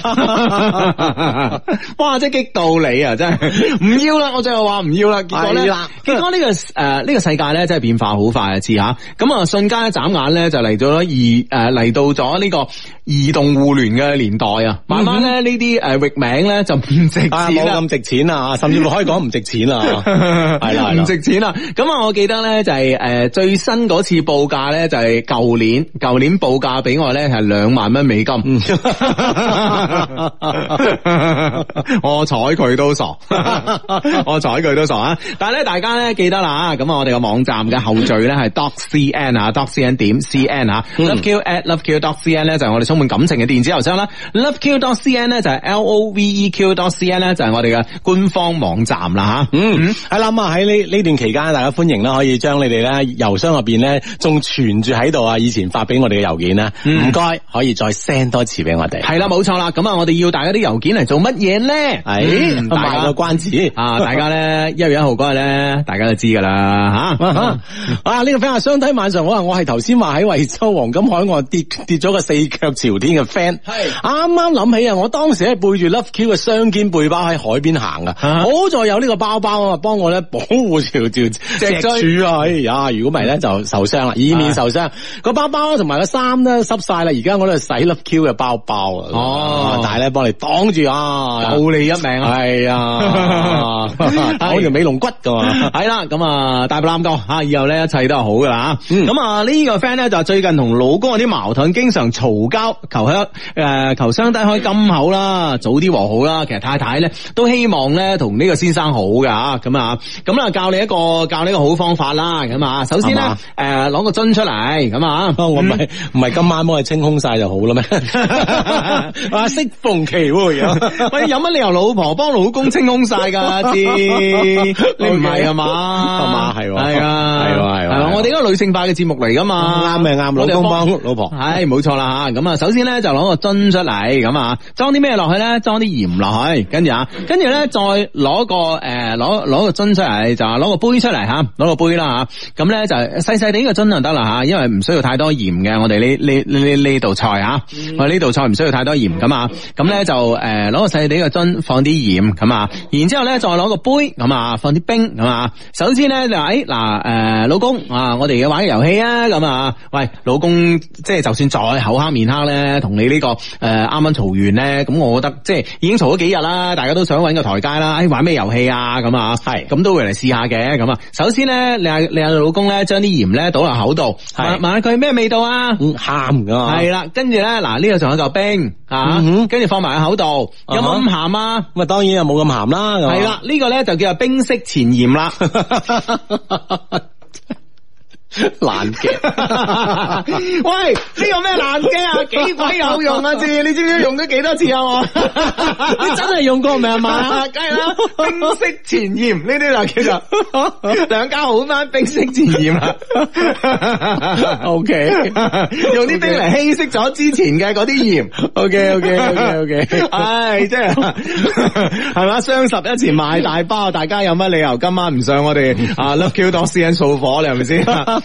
哇，真係激到你啊！真係唔要啦，我最後話唔要啦。係啦，結果呢個誒呢個世界咧真係變化好快啊，知吓？咁啊，瞬間一眨眼咧就嚟咗移誒嚟到咗呢個移動互聯嘅年代啊！慢慢咧呢啲誒域名咧就。唔值錢啦，冇咁、哎、值錢啦，甚至可以講唔值錢啦，係啦，係啦，唔值錢啦。咁啊，我記得咧就係、是、誒、呃、最新嗰次報價咧就係舊年，舊年報價俾我咧係兩萬蚊美金，我睬佢都傻，我睬佢都傻啊！但係咧，大家咧記得啦，咁啊，我哋個網站嘅後綴咧係 doccn d o c n, c n 點 c n,、嗯、cn 吓，loveq at loveq dot cn 咧就係我哋充滿感情嘅電子郵箱啦，loveq dot cn 咧就係 l o v e q dot C N 咧就係我哋嘅官方網站啦吓，嗯，係啦喺呢呢段期間，大家歡迎啦，可以將你哋咧郵箱入邊咧仲存住喺度啊，以前發俾我哋嘅郵件咧，唔該、嗯，可以再 send 多次俾我哋。係啦，冇錯啦，咁啊，我哋要大家啲郵件嚟做乜嘢咧？誒，賣個關子啊！大家咧一月一號嗰日咧，大家都知噶啦吓。啊呢、啊啊啊這個 friend 雙梯晚上好啊！我係頭先話喺惠州黃金海岸跌跌咗個四腳朝天嘅 friend，係啱啱諗起啊！我當時係背住 Love Q 嘅雙。肩背包喺海邊行噶，啊、好在有呢個包包啊，幫我咧保護條條石柱啊，哎呀，如果唔係咧就受傷啦，以免受傷。個、啊、包包同埋個衫咧濕晒啦，而家我咧洗粒 Q 嘅包包啊，哦、啊 嗯，但係咧幫你擋住啊，救你一命啊，係啊，我條尾龍骨噶，係啦，咁啊大不難過，吓以後咧一切都係好噶啦，咁、嗯、啊、這個、呢個 friend 咧就係、最近同老公有啲矛盾，經常嘈交，求香誒、呃、求香低開金口啦，早啲和好啦，其實。太太咧都希望咧同呢個先生好噶吓，咁啊咁啦，教你一個教你個好方法啦，咁啊，首先咧誒攞個樽出嚟，咁啊，我唔係唔係今晚幫你清空晒就好啦咩？適逢其會，喂，有乜理由老婆幫老公清空晒噶？知你唔係啊嘛係嘛係係係係，我哋一個女性化嘅節目嚟噶嘛，啱咪啱？老公幫老婆，係冇錯啦吓。咁啊，首先咧就攞個樽出嚟，咁啊，裝啲咩落去咧？裝啲鹽落去。跟住啊，跟住咧，再攞個誒，攞、呃、攞個樽出嚟，就攞個杯出嚟吓，攞個杯啦吓。咁、啊、咧就細細地呢個樽就得啦吓，因為唔需要太多鹽嘅。我哋呢呢呢呢道菜吓，我、啊、呢道菜唔需要太多鹽咁啊，咁咧就誒，攞、呃、個細細地個樽放啲鹽咁啊。然之後咧再攞個杯咁啊，放啲冰咁啊。首先咧就誒，嗱誒、哎呃，老公啊，我哋要玩個遊戲啊。咁啊，喂，老公，即係就算再口黑面黑咧，同你呢、呢個誒啱啱嘈完咧，咁我覺得即係已經嘈咗幾日。大家都想揾個台階啦，誒，玩咩遊戲啊？咁啊，係是，咁都會嚟試下嘅，咁啊。首先咧，你阿你老公咧，將啲鹽咧倒落口度，是問佢咩味道啊？鹹噶、嗯，係啦。跟住咧，嗱，呢度仲有嚿冰啊，跟住放埋喺口度，有冇咁鹹啊？咁啊，當然又冇咁鹹啦。係啦，呢、這個咧就叫做冰釋前鹽啦。 爛嘅，懶 喂，呢個咩爛嘅啊？幾鬼有用啊？知，你知唔知用咗幾多次啊？我， 你真係用過咪啊？嘛，梗係啦，冰釋前嫌呢啲就其實兩 家好翻，冰釋前嫌啊。 O Okay . K，用啲冰嚟稀釋咗之前嘅嗰啲鹽。O K，O K，O K，O K，哎，即係，係嘛？雙十一前賣大包，大家有乜理由今晚唔上我哋 啊 l o c k You Doctor 掃貨咧？係咪先？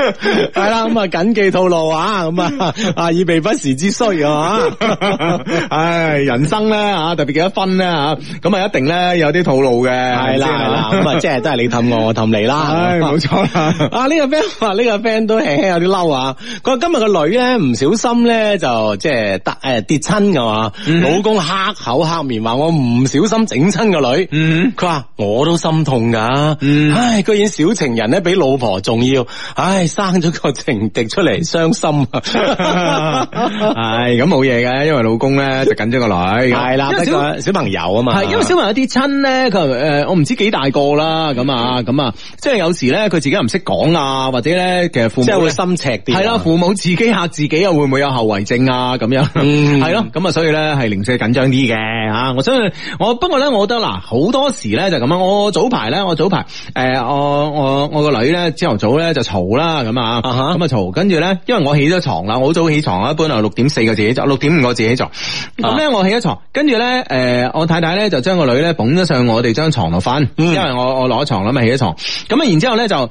係啦，咁啊，謹記套路啊，咁啊啊，以備不時之需啊！唉，人生咧啊，特別幾多分咧啊，咁啊，一定咧有啲套路嘅。係啦，係啦，咁啊，即係都係你氹我，我氹你啦。唉，冇錯啦。啊，呢個 friend 話，呢個 friend 都輕輕有啲嬲啊！佢話今日個女咧唔小心咧就即係跌誒跌親㗎嘛，老公黑口黑面話我唔小心整親個女。嗯，佢話我都心痛噶。嗯，唉，居然小情人咧比老婆重要。唉。生咗個情敵出嚟， 傷心啊！係咁冇嘢嘅因為老公咧就緊張了個女，係啦，小朋友啊嘛，係因為小朋友啲親咧，佢誒、呃，我唔知幾大個啦，咁啊，咁啊，即係有時咧，佢自己又唔識講啊，或者咧，其實父母即係會心赤啲，係啦，父母自己吓自己又會唔會有後遺症啊？咁樣，係咯，咁啊，所以咧係零舍緊張啲嘅吓。我想係我，不過咧，我覺得嗱，好多時咧就咁、是、樣。我早排咧，我早排誒、呃，我我我個女咧朝頭早咧就嘈啦。咁啊，咁啊嘈，跟住咧，因為我起咗床啦，我好早起床啦，一般係六點四個字起床，六點五個字起床。咁咧、啊、我起咗床，跟住咧，誒、呃，我太太咧就將個女咧捧咗上我哋張床度瞓，因為我我攞床啦咪起咗床。咁啊，嗯、然之後咧就誒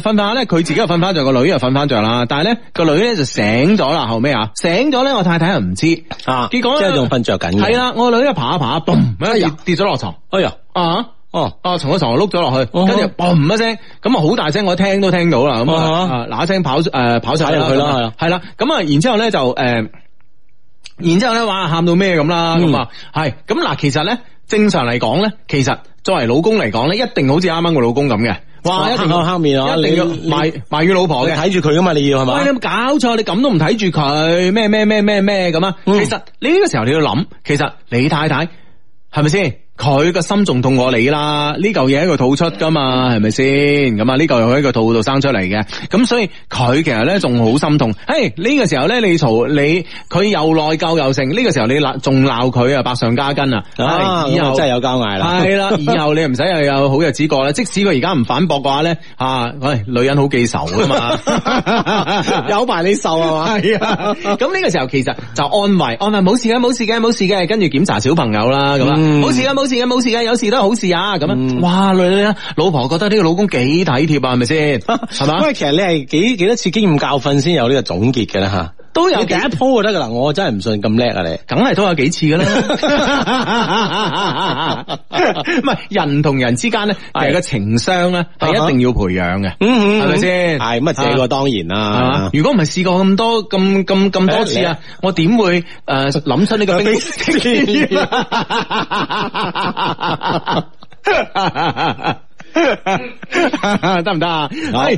瞓下咧，佢、呃、自己又瞓翻着，個女又瞓翻着啦。但係咧個女咧就醒咗啦，後尾啊醒咗咧，我太太又唔知啊。結果咧，即係仲瞓着緊嘅。係啦，我女咧爬一爬嘣，一跌咗落床，哎呀啊！哦，啊，從個床度碌咗落去，跟住嘣一聲，咁啊好大聲，我聽都聽到啦，咁嗱一聲跑誒跑晒入去啦，係啦，咁啊，然之後咧就誒、呃，然之後咧哇，喊到咩咁啦，咁話係，咁嗱，其實咧正常嚟講咧，其實作為老公嚟講咧，一定好似啱啱個老公咁嘅，哇，一定要黑面啊，一定要賣賣魚老婆，嘅，睇住佢噶嘛，你要係咪？你咁搞錯，你咁都唔睇住佢，咩咩咩咩咩咁啊？嗯、其實呢，這個時候你要諗，其實你太太係咪先？是佢個心仲痛過你啦，呢嚿嘢喺佢肚出噶嘛，係咪先？咁啊，呢嚿又喺佢肚度生出嚟嘅，咁所以佢其實咧仲好心痛。誒呢個時候咧，你嘈你佢又內疚又剩，呢個時候你仲鬧佢啊，百上加斤啊！啊，以後真係有交嗌啦。係啦，以後你唔使又有好日子過啦。即使佢而家唔反駁嘅話咧，啊，喂，女人好記仇噶嘛，有埋你受啊嘛，係。咁呢個時候其實就安慰安慰，啊，冇事嘅冇事嘅冇事嘅，跟住檢查小朋友啦，咁啊，冇事嘅，嗯，冇。冇事啊冇事啊，有事都係好事啊，咁樣哇，女女啊，老婆覺得呢個老公幾體貼啊，係咪先係嘛？因為 吧其實你係幾幾多次經驗教訓先有呢個總結嘅咧吓。都有第一鋪就得噶啦，我真係唔信咁叻啊你，梗係都有幾次噶啦。唔係人同人之間咧，其實個情商咧係一定要培養嘅，嗯係咪先？係咁啊，這個當然啦。如果唔係試過咁多咁咁咁多次啊，我點會誒諗出呢個？得唔得啊？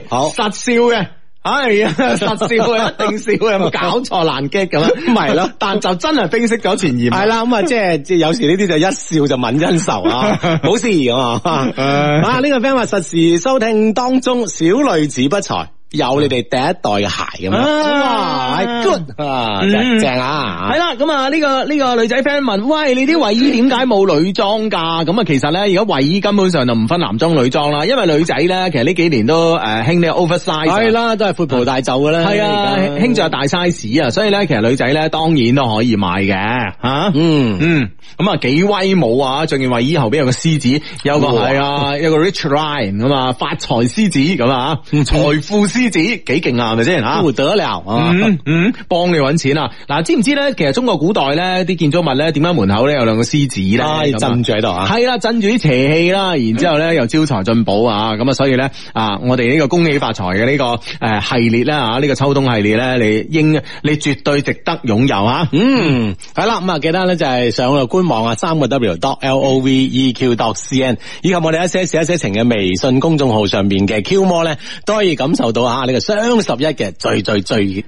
好，實笑嘅。係啊、哎呀，實笑啊，一定笑啊，搞錯爛擊咁樣，唔係咯，但就真係冰釋咗前嫌，係啦，咁啊，即係即係有時呢啲就一笑就泯恩仇 啊，冇事咁啊， 啊呢個 friend 話實時收聽當中，小女子不才。有你哋第一代嘅鞋咁樣。哇，good 啊，啊 Good 啊正啊，係啦、嗯，咁啊呢個呢、呢個女仔 friend 問，喂，你啲衛衣點解冇女裝噶？咁啊，其實咧，而家衛衣根本上就唔分男裝女裝啦，因為女仔咧，其實呢幾年都誒興呢 oversize，係啦，都係闊袍大袖嘅啦，係了啊，興着大 size 啊，所以咧，其實女仔咧當然都可以買嘅，吓，嗯嗯，咁啊幾威武啊，仲要件衛衣後邊有個獅子，有個係啊哇，有個 rich lion 啊嘛，發財獅子咁啊，財富獅。獅子幾勁啊，係咪先吓？活得一粒，嗯嗯，幫你搵錢啊。嗱、啊，知唔知咧？其實中國古代咧，啲建築物咧，點解門口咧有兩個獅子咧？震住喺度啊，係啦樣，鎮住啲邪氣啦，然之後咧、嗯、又招財進寶啊，咁啊，所以咧啊，我哋呢個恭喜發財嘅呢個誒、呃、系列啦，啊，呢、這個秋冬系列咧，你應你絕對值得擁有啊嗯。嗯，係啦，咁啊，記得咧就係上落官網啊，三個、嗯、W dot L O V E Q dot C N，以及我哋一些事一些情嘅微信公眾號上邊嘅 Qmore 咧，都可以感受到啊。啊！呢個雙十一嘅最最最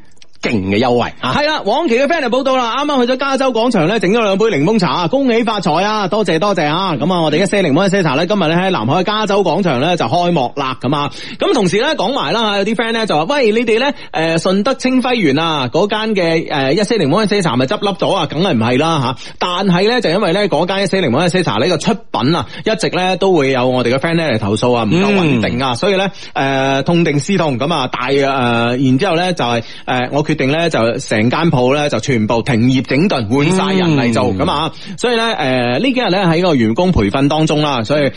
勁嘅優惠啊，係啦，往期嘅 friend 報道啦，啱啱去咗加州廣場咧，整咗兩杯檸檬茶啊，恭喜發財啊，多謝多謝啊，咁啊，我哋一些檸檬一些茶咧，今日咧喺南海嘅加州廣場咧就開幕啦，咁啊，咁同時咧講埋啦，有啲 friend 咧就話，喂，你哋咧誒，順、呃、德清暉園啊，嗰間嘅誒一些檸檬一些茶係咪執笠咗啊？梗係唔係啦吓，但係咧就因為咧嗰間一些檸檬一些茶呢、這個出品啊，一直咧都會有我哋嘅 friend 咧嚟投訴啊，唔夠穩定啊，嗯、所以咧誒、呃、痛定思痛咁啊大約誒、呃，然之後咧就係、是、誒、呃、我決定咧就成間鋪咧就全部停業整頓換晒人嚟做咁啊，所以咧誒呢幾日咧喺個員工培訓當中啦，所以誒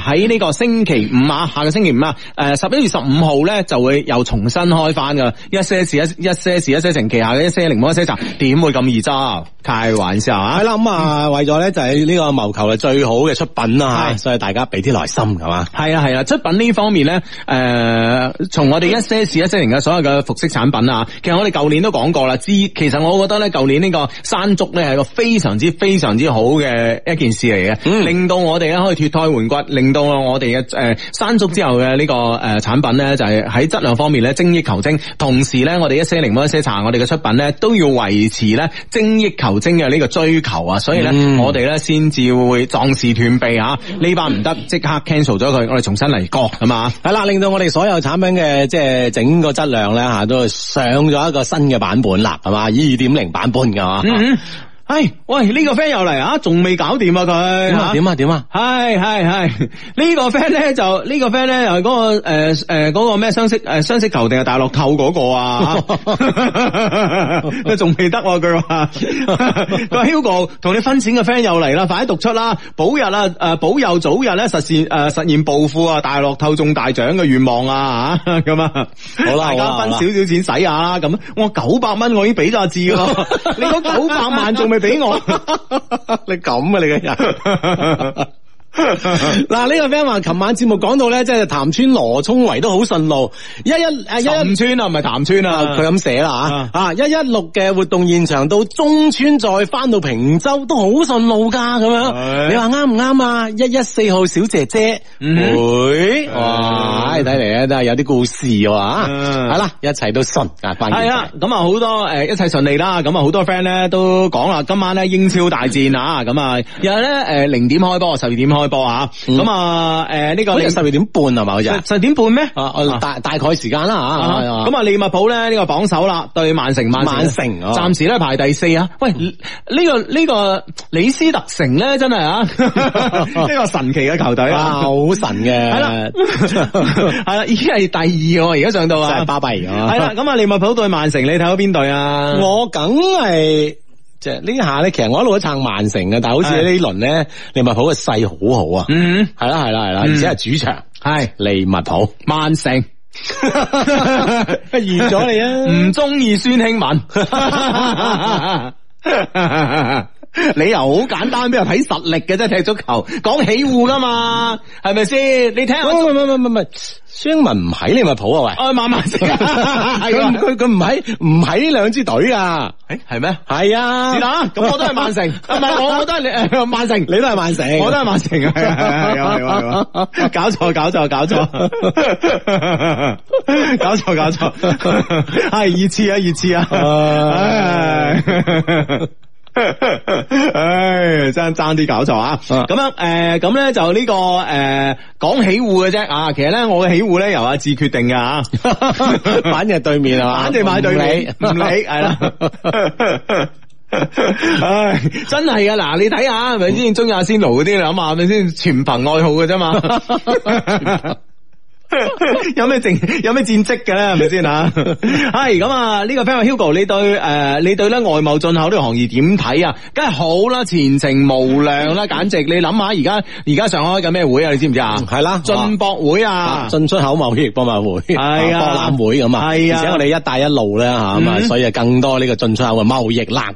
喺呢個星期五啊下個星期五啊誒十一月十五號咧就會又重新開翻噶啦，一些事一一些事一些情旗下嘅一些零，一些茶點會咁易揸。開玩笑啊係啦咁啊為咗咧就係呢個謀求啊最好嘅出品啊，是所以大家俾啲耐心噶嘛，係啊係啊，出品呢方面咧誒從我哋一些事一些情嘅所有嘅服飾產品啊，其實我哋舊年都講過啦，其實我覺得咧，舊年呢個山竹咧係一個非常之非常之好嘅一件事嚟嘅，嗯、令到我哋咧可以脫胎換骨，令到我哋嘅誒山竹之後嘅呢、這個誒、呃、產品咧就係喺質量方面咧精益求精，同時咧我哋一些零、一些茶，我哋嘅出品咧都要維持咧精益求精嘅呢個追求啊，所以咧、嗯、我哋咧先至會壯士斷臂吓，呢班唔得即刻 cancel 咗佢，我哋重新嚟過咁嘛，係啦，嗯、令到我哋所有產品嘅即係整個質量咧吓、啊、都上咗一個。新嘅版本啦，係嘛？二點零版本噶。嘛？嗯、mm。Hmm. 哎，喂，呢、這個 friend 又嚟啊，仲未搞掂啊，佢點啊，點啊，點啊。係係係呢個 friend 咧，就呢、這個 friend 咧，又嗰個誒誒嗰個咩雙色誒雙色球定係大樂透嗰個啊，佢仲未得。佢話佢話 Hugo 同你分錢嘅 friend 又嚟啦。 快啲讀出啦，保日啦，誒保佑早日咧實現誒實現暴富啊，大樂透中大獎嘅願望啊吓，咁啊，好啦，大家分少少錢使下啦。咁我九百蚊我已經俾咗阿志咯，你嗰九百萬仲未？俾我，你咁啊，你嘅人。嗱呢 個 friend 話，琴晚節目講到咧，即係潭村羅沖圍都好順路，一一誒，譚村啊，唔係潭村啊，佢咁寫啦吓，啊一一六嘅活動現場到中村再翻到平洲都好順路噶，咁樣，是你話啱唔啱啊？一一四號小姐姐，嗯，會喂，哇，睇嚟咧真係有啲故事啊，係啦、啊啊，一切都順啊，係啊，咁啊好多誒，一切順利啦，咁啊好多 friend 咧都講啦，今晚咧英超大戰啊，咁啊，又係咧誒零點開波，十二點開。開播啊！咁啊，誒，呢個好似十二點半係嘛？好似十二點半咩？啊，大大概時間啦吓。咁啊，利物浦咧呢個榜首啦，對曼城，曼城暫時咧排第四啊。喂，呢個呢個李斯特城咧真係啊，呢個神奇嘅球隊啊，好神嘅。係啦，係啦，已經係第二喎，而家上到啊，巴閉。係啦，咁啊，利物浦對曼城，你睇到邊隊啊？我梗係。即係呢下咧，其實我一路都撐曼城嘅，但係好似呢輪咧，是利物浦嘅勢好好啊，嗯，係啦係啦係啦，而且係主場，係是利物浦曼城，贏咗你啊，唔中意孫興文。 理由好簡單，俾人睇實力嘅啫，踢足球講起戶噶嘛，係咪先？你睇下，唔唔唔唔唔，孫文唔喺你咪抱啊喂！萬萬城，佢佢佢唔喺，唔喺呢兩支隊啊？係係咩？係啊，是咁我都係曼城，我我都係你曼城，你都係曼城，我都係曼城，啊係係，搞錯搞錯搞錯，搞錯搞錯，係熱刺啊，熱刺啊，唉，爭爭啲搞錯啊！咁樣誒，咁、呃、咧就呢、這個誒講、呃、起戶嘅啫啊！其實咧我嘅起戶咧由阿志決定噶吓， 反正對面啊嘛，反正買對你唔理係啦。唉，真係噶嗱，你睇下係咪先中意阿仙奴嗰啲啦嘛，係咪先全憑愛好嘅啫嘛。 有咩政有咩戰績嘅咧？係咪先啊？係咁啊，呢個 friend Hugo，你對誒、呃、你對咧外貿進口呢個行業點睇啊？梗係好啦，前程無量啦，簡直你諗下而家而家上海開緊咩會啊？你知唔知啊？係啦的，進博會啊，進的出口貿易博覽會，係的博覽會咁啊，係啊的，而且我哋一帶一路呢，吓啊、嗯、所以啊，更多呢個進出口嘅貿易啦，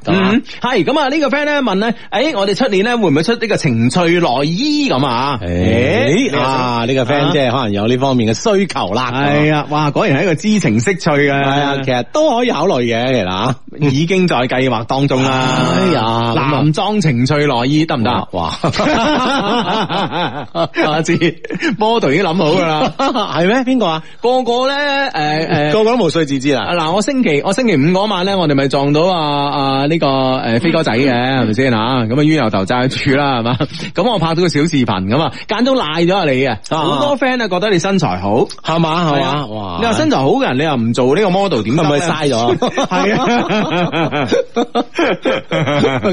係咁啊，呢、這個 friend 咧問咧，誒，我哋出年咧會唔會出呢個情趣內衣咁啊？誒，哇，呢個 friend 即係可能有呢方面。嘅需求啦，係啊，哇，果然係一個知情識趣嘅，係啊，其實都可以考慮嘅，其實已經在計劃當中啦。哎呀，男裝情趣內衣得唔得啊？哇，阿志 model 已經諗好噶啦，係咩？邊個啊？個個咧，誒誒，個個都無須自知啦。嗱，我星期我星期五嗰晚咧，我哋咪撞到啊啊呢個誒飛哥仔嘅，係咪先啊？咁啊冤有頭債處啦，係嘛？咁我拍咗個小視頻咁啊，間中賴咗你嘅，好多 friend 啊覺得你身材。好係嘛？係嘛？哇！你話身材好嘅人，你又唔做呢個 model，點解啊？咪嘥咗係啊？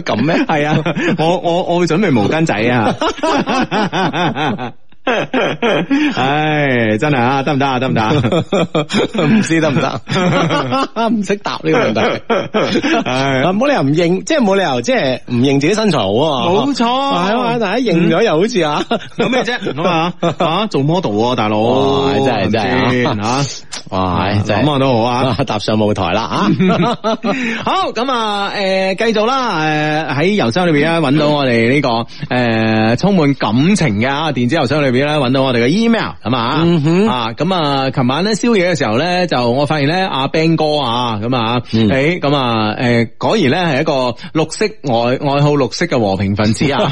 咁咩？係啊！我我我會準備毛巾仔啊！ 唉，真係啊，得唔得啊？得唔得？唔知得唔得？唔識答呢個問題。唉，冇理由唔認，即係冇理由即係唔認自己身材好啊！冇錯，係嘛？大家認咗又好似啊，有咩啫？啊，做 model 大佬，真係真係啊！哇，就咁都好啊，踏上舞台啦啊！好咁啊，誒，繼續啦，誒，喺郵箱裏邊啊，搵到我哋呢個誒，充滿感情嘅啊，電子郵箱裏。邊啦，揾到我哋嘅 email 咁啊，啊咁啊，琴晚咧宵夜嘅時候咧，就我發現咧阿 Ben 哥啊，咁啊，誒，咁啊，誒，果然咧係一個綠色愛愛好綠色嘅和平分子啊，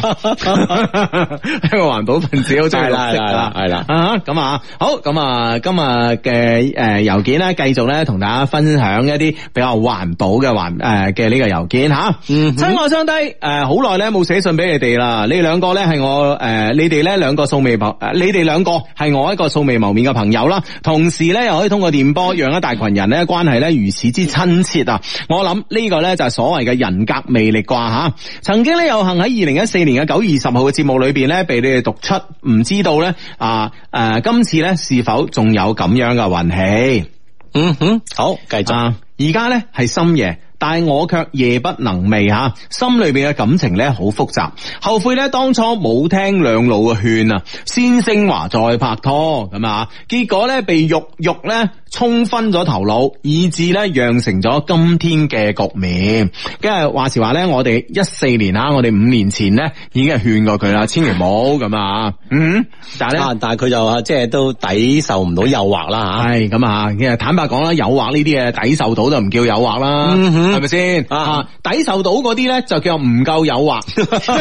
一個環保分子，好中意綠色，係啦係啦係啦，吓咁啊，好，咁啊，今日嘅誒郵件咧，繼續咧同大家分享一啲比較環保嘅環誒嘅呢個郵件吓，親愛雙低，誒，好耐咧冇寫信俾你哋啦，你哋兩個咧係我誒，你哋咧兩個素未謀。你哋兩個係我一個素未謀面嘅朋友啦，同時呢，又可以通過電波讓一大群人呢關係呢如此之親切啊！我諗呢個呢，就係所謂嘅人格魅力啩吓。曾經呢，有幸喺二零一四年嘅九月二十號嘅節目裏邊呢，被你哋讀出，唔知道呢，啊、呃、誒、呃，今次呢，是否仲有咁樣嘅運氣？嗯哼、嗯，好，繼續。而家呢，係深夜。但係我卻夜不能寐吓，心裏邊嘅感情咧好複雜，後悔咧當初冇聽兩老嘅勸啊，先升華再拍拖咁啊，結果咧被欲欲咧沖昏咗頭腦，以致咧釀成咗今天嘅局面。咁啊話時話咧，我哋一四年吓，我哋五年前咧已經係勸過佢啦，千祈唔好咁啊。嗯，但係咧，但係佢就話，即係都抵受唔到誘惑啦吓。係咁啊，其實坦白講啦，誘惑呢啲嘢，抵受到就唔叫誘惑啦。係咪先啊？抵受到嗰啲咧就叫唔夠誘惑，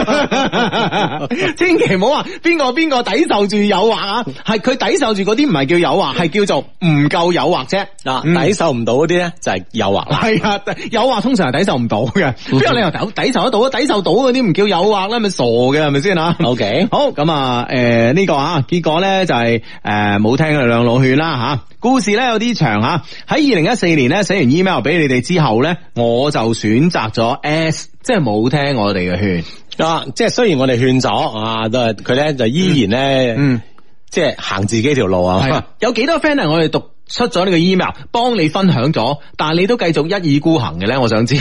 千祈唔好話邊個邊個抵受住誘惑，是是誘惑，是誘惑啊！係佢、嗯、抵受住嗰啲唔係叫誘惑，係叫做唔夠誘惑啫。嗱，抵受唔到嗰啲咧就係誘惑。係啊，誘惑通常係抵受唔到嘅，邊 有理由抵受得到啊？抵受到嗰啲唔叫誘惑啦，咪傻嘅，係咪先啊？OK，好咁啊，誒呢、呃這個啊，結果咧就係誒冇聽佢兩老勸啦吓。故事咧有啲長吓，喺二零一四年咧寫完 email 俾你哋之後咧。我就選擇咗 S，即係冇聽我哋嘅勸啊！ 即係雖然我哋勸咗啊，都係佢咧就依然咧，嗯嗯、即係行自己條路啊的！有幾多 friend 係我哋讀？出咗呢個 email，幫你分享咗，但係你都繼續一意孤行嘅咧，我想知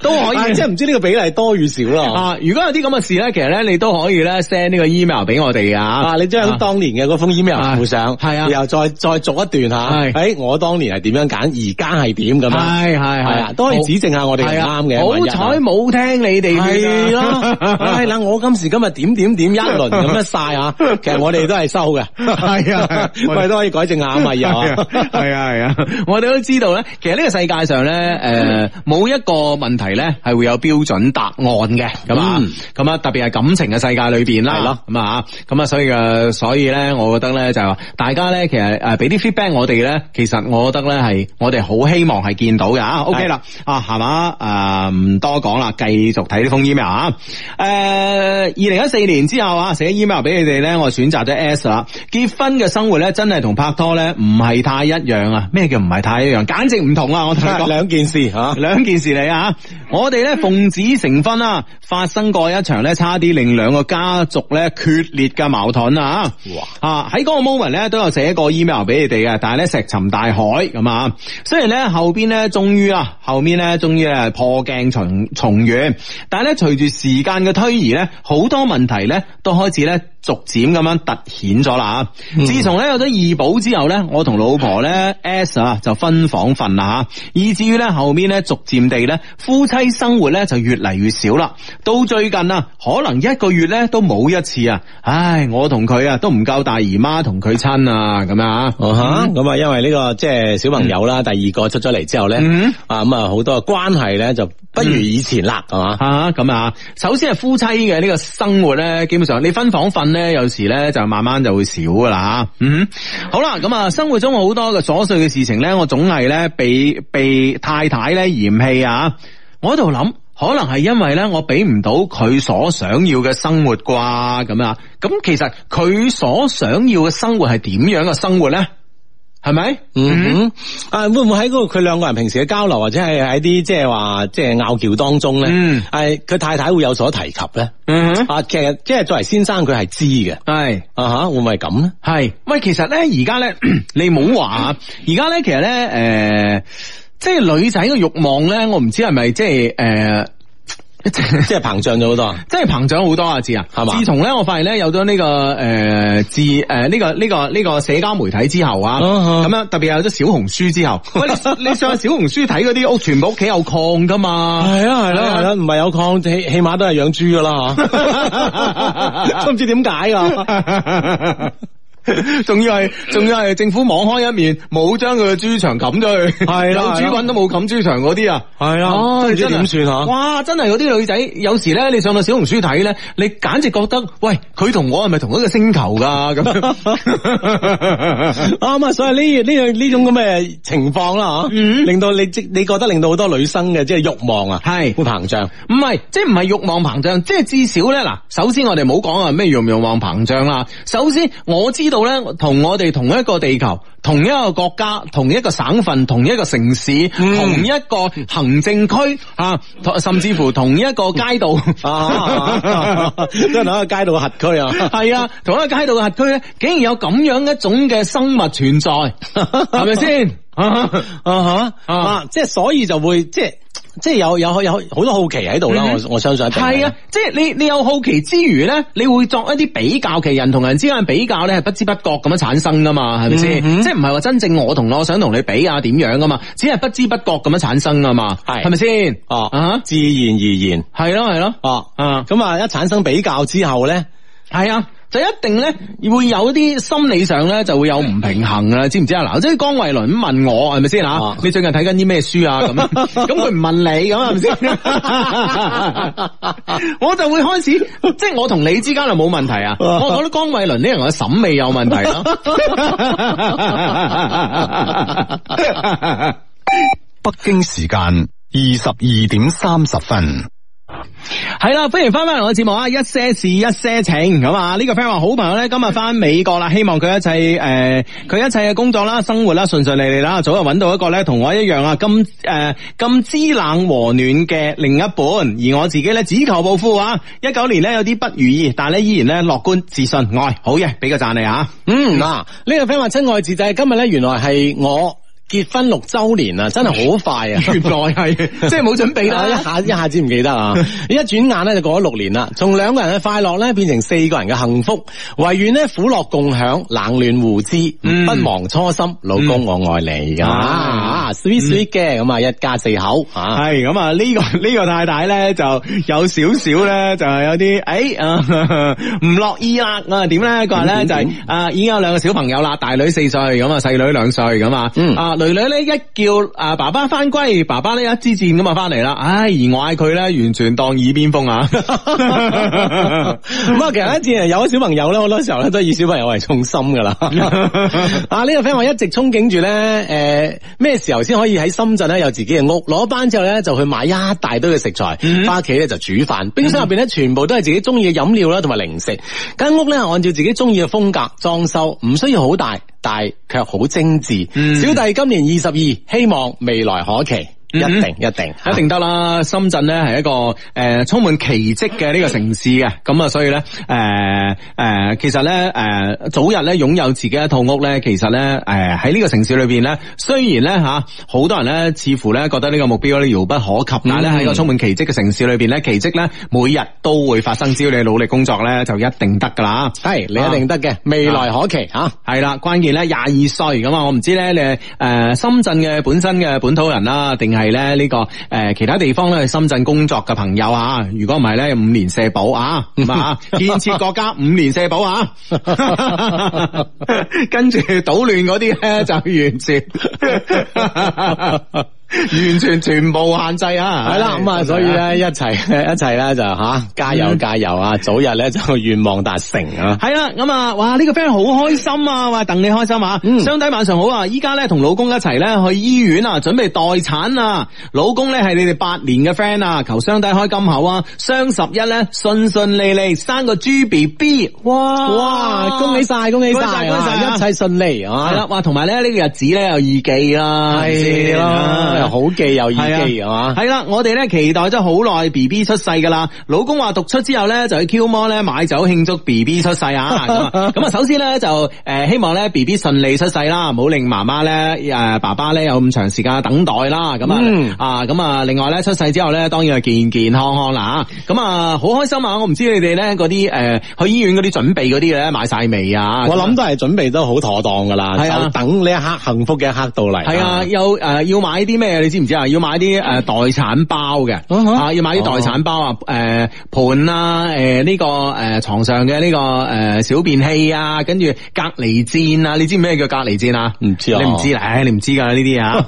都可以，即係唔知呢個比例多與少咯。啊，如果有啲咁嘅事咧，其實咧你都可以咧 send 呢個 email 俾我哋嘅吓，你將當年嘅封 email 附上，係啊，然後再再續一段吓，喺我當年係點樣揀，而家係點咁，係係係啊，都可以指正下我哋係啱嘅。好彩冇聽你哋係咯，哎，我今時今日點點點一輪咁樣晒啊。其實我哋都係收嘅，係啊，我哋都可以改。隻眼咪啊，係啊係啊，啊啊我哋都知道咧，其實呢個世界上咧，誒、呃，冇一個問題咧係會有標準答案嘅，咁啊、嗯，咁啊、嗯，特別係感情嘅世界裏邊啦，係咯，咁啊咁啊，所以嘅，所以咧，我覺得咧就係話，大家咧，其實誒，俾啲 feedback 我哋咧，其實我覺得咧係，我哋好希望係見到嘅，OK 啦，啊，係嘛，啊，誒，唔多講啦，繼續睇呢封 email 啊，誒、呃，二零一四年之後啊，寫 email 俾你哋咧，我選擇咗 S 啦，結婚嘅生活咧，真係同拍。多咧唔係太一樣啊！咩叫唔係太一樣？簡直唔同啊。我同你講，兩件事吓，兩件事嚟啊，我哋咧奉子成婚啊，發生過一場咧差啲令兩個家族咧決裂嘅矛盾啊！哇啊！喺嗰個 moment 咧都有寫一個 email 俾你哋啊，但係咧石沉大海咁啊。雖然咧後邊咧終於啊，後面咧終於啊破鏡重重圓，但係咧隨住時間嘅推移咧，好多問題咧都開始咧逐漸咁樣凸顯咗啦。嗯、自從咧有咗二寶。之後咧，我同老婆咧 S 啊就分房瞓啦吓，以至於咧後面咧逐漸地咧夫妻生活咧就越嚟越少啦。到最近啊，可能一個月咧都冇一次啊。唉，我同佢啊都唔夠大姨媽同佢親啊咁啊。哦咁啊，因為呢、這個即係、就是、小朋友啦，嗯、第二個出咗嚟之後咧，啊咁啊好多嘅關係咧就不如以前啦，係嘛、嗯、啊咁啊。首先係夫妻嘅呢、這個生活咧，基本上你分房瞓咧，有時咧就慢慢就會少噶啦吓。嗯、啊啊，好啦。咁啊，生活中好多嘅瑣碎嘅事情咧，我總係咧被被太太咧嫌棄啊。我喺度諗，可能係因為咧我俾唔到佢所想要嘅生活啩。咁啊，咁其實佢所想要嘅生活係點樣嘅生活咧？係咪？是不是嗯哼，啊會唔會喺嗰個佢兩個人平時嘅交流，或者係喺啲即係話即係拗撬當中咧？嗯，係佢、啊、太太會有所提及咧？嗯哼，啊其實即係作為先生佢係知嘅，係是啊吓會唔會係咁咧？係是喂，其實咧而家咧你冇話，而家咧其實咧誒、呃，即係女仔嘅欲望咧，我唔知係咪即係誒。呃即係膨脹咗好多，即係膨脹好多啊！字啊，係嘛？自從咧，我發現咧有咗呢、這個誒字誒，呢、呃呃這個呢、這個呢、這個社交媒體之後啊，咁、啊、樣特別有咗小紅書之後，喂、啊，你上小紅書睇嗰啲屋，全部屋企有礦噶嘛？係啊，係啦、啊，係啦、啊，唔係有礦，起起碼都係養豬噶啦，都唔知點解啊！啊仲 要係仲要係政府網開一面，冇將佢嘅豬場冚咗佢，係啊，主管都冇冚豬場嗰啲啊，係啊，真係點算啊？哇，真係有啲女仔，有時咧你上到小紅書睇咧，你簡直覺得喂，佢同我係咪同一個星球噶咁？啱啊，所以呢呢樣呢種咁嘅情況啦，吓、啊，嗯、令到你即你覺得令到好多女生嘅即係欲望啊，係是膨脹，唔係即唔係欲望膨脹，即係至少咧嗱，首先我哋冇講啊咩用欲望膨脹啊，首先我知道。咧，同我哋同一個地球、同一個國家、同一個省份、同一個城市、嗯嗯同一個行政區、啊、甚至乎同一個街道，同一個街道嘅轄區啊，啊，同一個街道嘅轄區啊，係啊，同一個街道嘅轄區咧，竟然有咁樣一種嘅生物存在，係咪先？ 啊啊即係所以就會即係即係有有有好多好奇喺度啦，mm hmm. 我我相信係啊！即係你你有好奇之餘咧，你會作一啲比較，其人同人之間比較咧，係不知不覺咁樣產生噶嘛，係咪先？Mm hmm. 即係唔係話真正我同我想同你比啊點樣噶嘛？只係不知不覺咁樣產生噶嘛？係係咪先？哦啊！自然而然係咯係咯哦啊！咁啊，一產生比較之後咧，係啊。就一定咧，會有啲心理上咧，就會有唔平衡啦，知唔知啊？嗱，即係江慧倫咁問我，係咪先啊？你最近睇緊啲咩書啊？咁咁佢唔問你，咁係咪先？ 我就會開始，即係我同你之間就冇問題啊！ 我覺得江慧倫呢人嘅審美有問題咯。 北京時間二十二點三十分。係啦，歡迎翻返嚟我的節目啊！一些事，一些情。咁啊，呢、這個 friend 話好朋友呢，今日翻美國啦，希望佢一切誒，佢、呃、一切嘅工作啦、生活啦，順順利利啦。早日揾到一個呢，同我一樣啊，咁誒咁知冷和暖嘅另一半。而我自己呢，只求暴富啊！一九年呢，有啲不如意，但係呢依然呢，樂觀、自信、愛，好嘅，俾個讚你啊！嗯，嗱、啊，呢、這個 friend 話親愛自制，今日呢，原來係我。結婚六周年啊，真係好快啊！原來係即係冇準備啦，一下一下子唔記得啊！一轉眼咧就過咗六年啦，從兩個人嘅快樂咧變成四個人嘅幸福，唯願咧苦樂共享，冷暖互知，不忘初心。老公我愛你啊！sweet sweet 嘅咁啊，一家四口啊，係咁啊呢個呢個太太咧就有少少咧就係有啲誒啊唔樂意啦，我係點咧？嗰人咧就係啊已經有兩個小朋友啦，大女四歲，咁啊細女兩歲，咁啊啊。囡囡咧一叫啊爸爸翻歸，爸爸呢一支箭咁啊翻嚟啦！唉，而我嗌佢咧完全當耳邊風啊！咁啊，其實咧自然有啲小朋友咧，好多時候咧都以小朋友為重心噶啦。啊 呢 個 friend 我一直憧憬住咧，誒、呃、咩時候先可以喺深圳咧有自己嘅屋？攞班之後咧就去買一大堆嘅食材，翻屋、嗯、企咧就煮飯，嗯、冰箱入邊咧全部都係自己中意嘅飲料啦，同埋零食。間、嗯、屋咧按照自己中意嘅風格裝修，唔需要好大，但係卻好精致。嗯、小弟今今年二十二，希望未來可期。一定一定一定得啦！深圳咧係一個誒充滿奇跡嘅呢個城市嘅，咁啊所以咧誒誒其實咧誒早日咧擁有自己一套屋咧，其實咧誒喺呢個城市裏邊咧，雖然咧吓好多人咧似乎咧覺得呢個目標咧遙不可及，但係咧喺一個充滿奇跡嘅城市裏邊咧，奇跡咧每日都會發生，只要你努力工作咧就一定得噶啦，係你一定得嘅，未來可期吓！係啦，關鍵咧廿二歲咁啊，我唔知咧你誒深圳嘅本身嘅本土人啦，定係。係咧呢個誒，其他地方咧去深圳工作嘅朋友啊，如果唔係咧，五年社保啊，唔係啊，建設國家五年社保啊， 跟住搗亂嗰啲咧就完全。 完全全部限制啊！係啦，咁啊，所以咧一齊一齊咧就吓加油加油啊！早日咧就願望達成啊！係啦，咁啊，哇呢個 friend 好開心啊，話戥你開心啊！雙弟晚上好啊，依家咧同老公一齊咧去醫院啊，準備待產啊！老公咧係你哋八年嘅 friend 啊，求雙弟開金口啊！雙十一咧順順利利生個豬 B B，哇哇恭喜晒恭喜晒，一切順利啊。係啦，哇同埋咧呢個日子咧有易記啦，係咯。好記又易記，係嘛，啊？係啦吧，我哋咧期待咗好耐 B B 出世噶啦。老公話讀出之後咧，就去 Q 摩咧買酒慶祝 B B 出世啊！咁 啊，首先咧就誒，希望咧 B B 順利出世啦，唔好令媽媽咧誒，爸爸咧有咁長時間等待啦。咁啊啊，咁、嗯、啊，另外咧出世之後咧，當然係健健康康啦。咁啊，好開心啊！我唔知你哋咧嗰啲誒，去醫院嗰啲準備嗰啲嘢買買晒未啊？我諗都係準備都好妥當噶啦。就、啊、等呢一刻幸福嘅一刻到嚟。係啊，又誒、啊呃、要買啲咩？咩你知唔知啊？要買啲誒待產包嘅，啊要買啲待產包啊，誒盤啊，誒呢個誒床上嘅呢個誒小便器啊，跟住隔離墊啊，你知唔知咩叫隔離墊啊？唔知啊，你唔知啦，你唔知噶呢啲啊，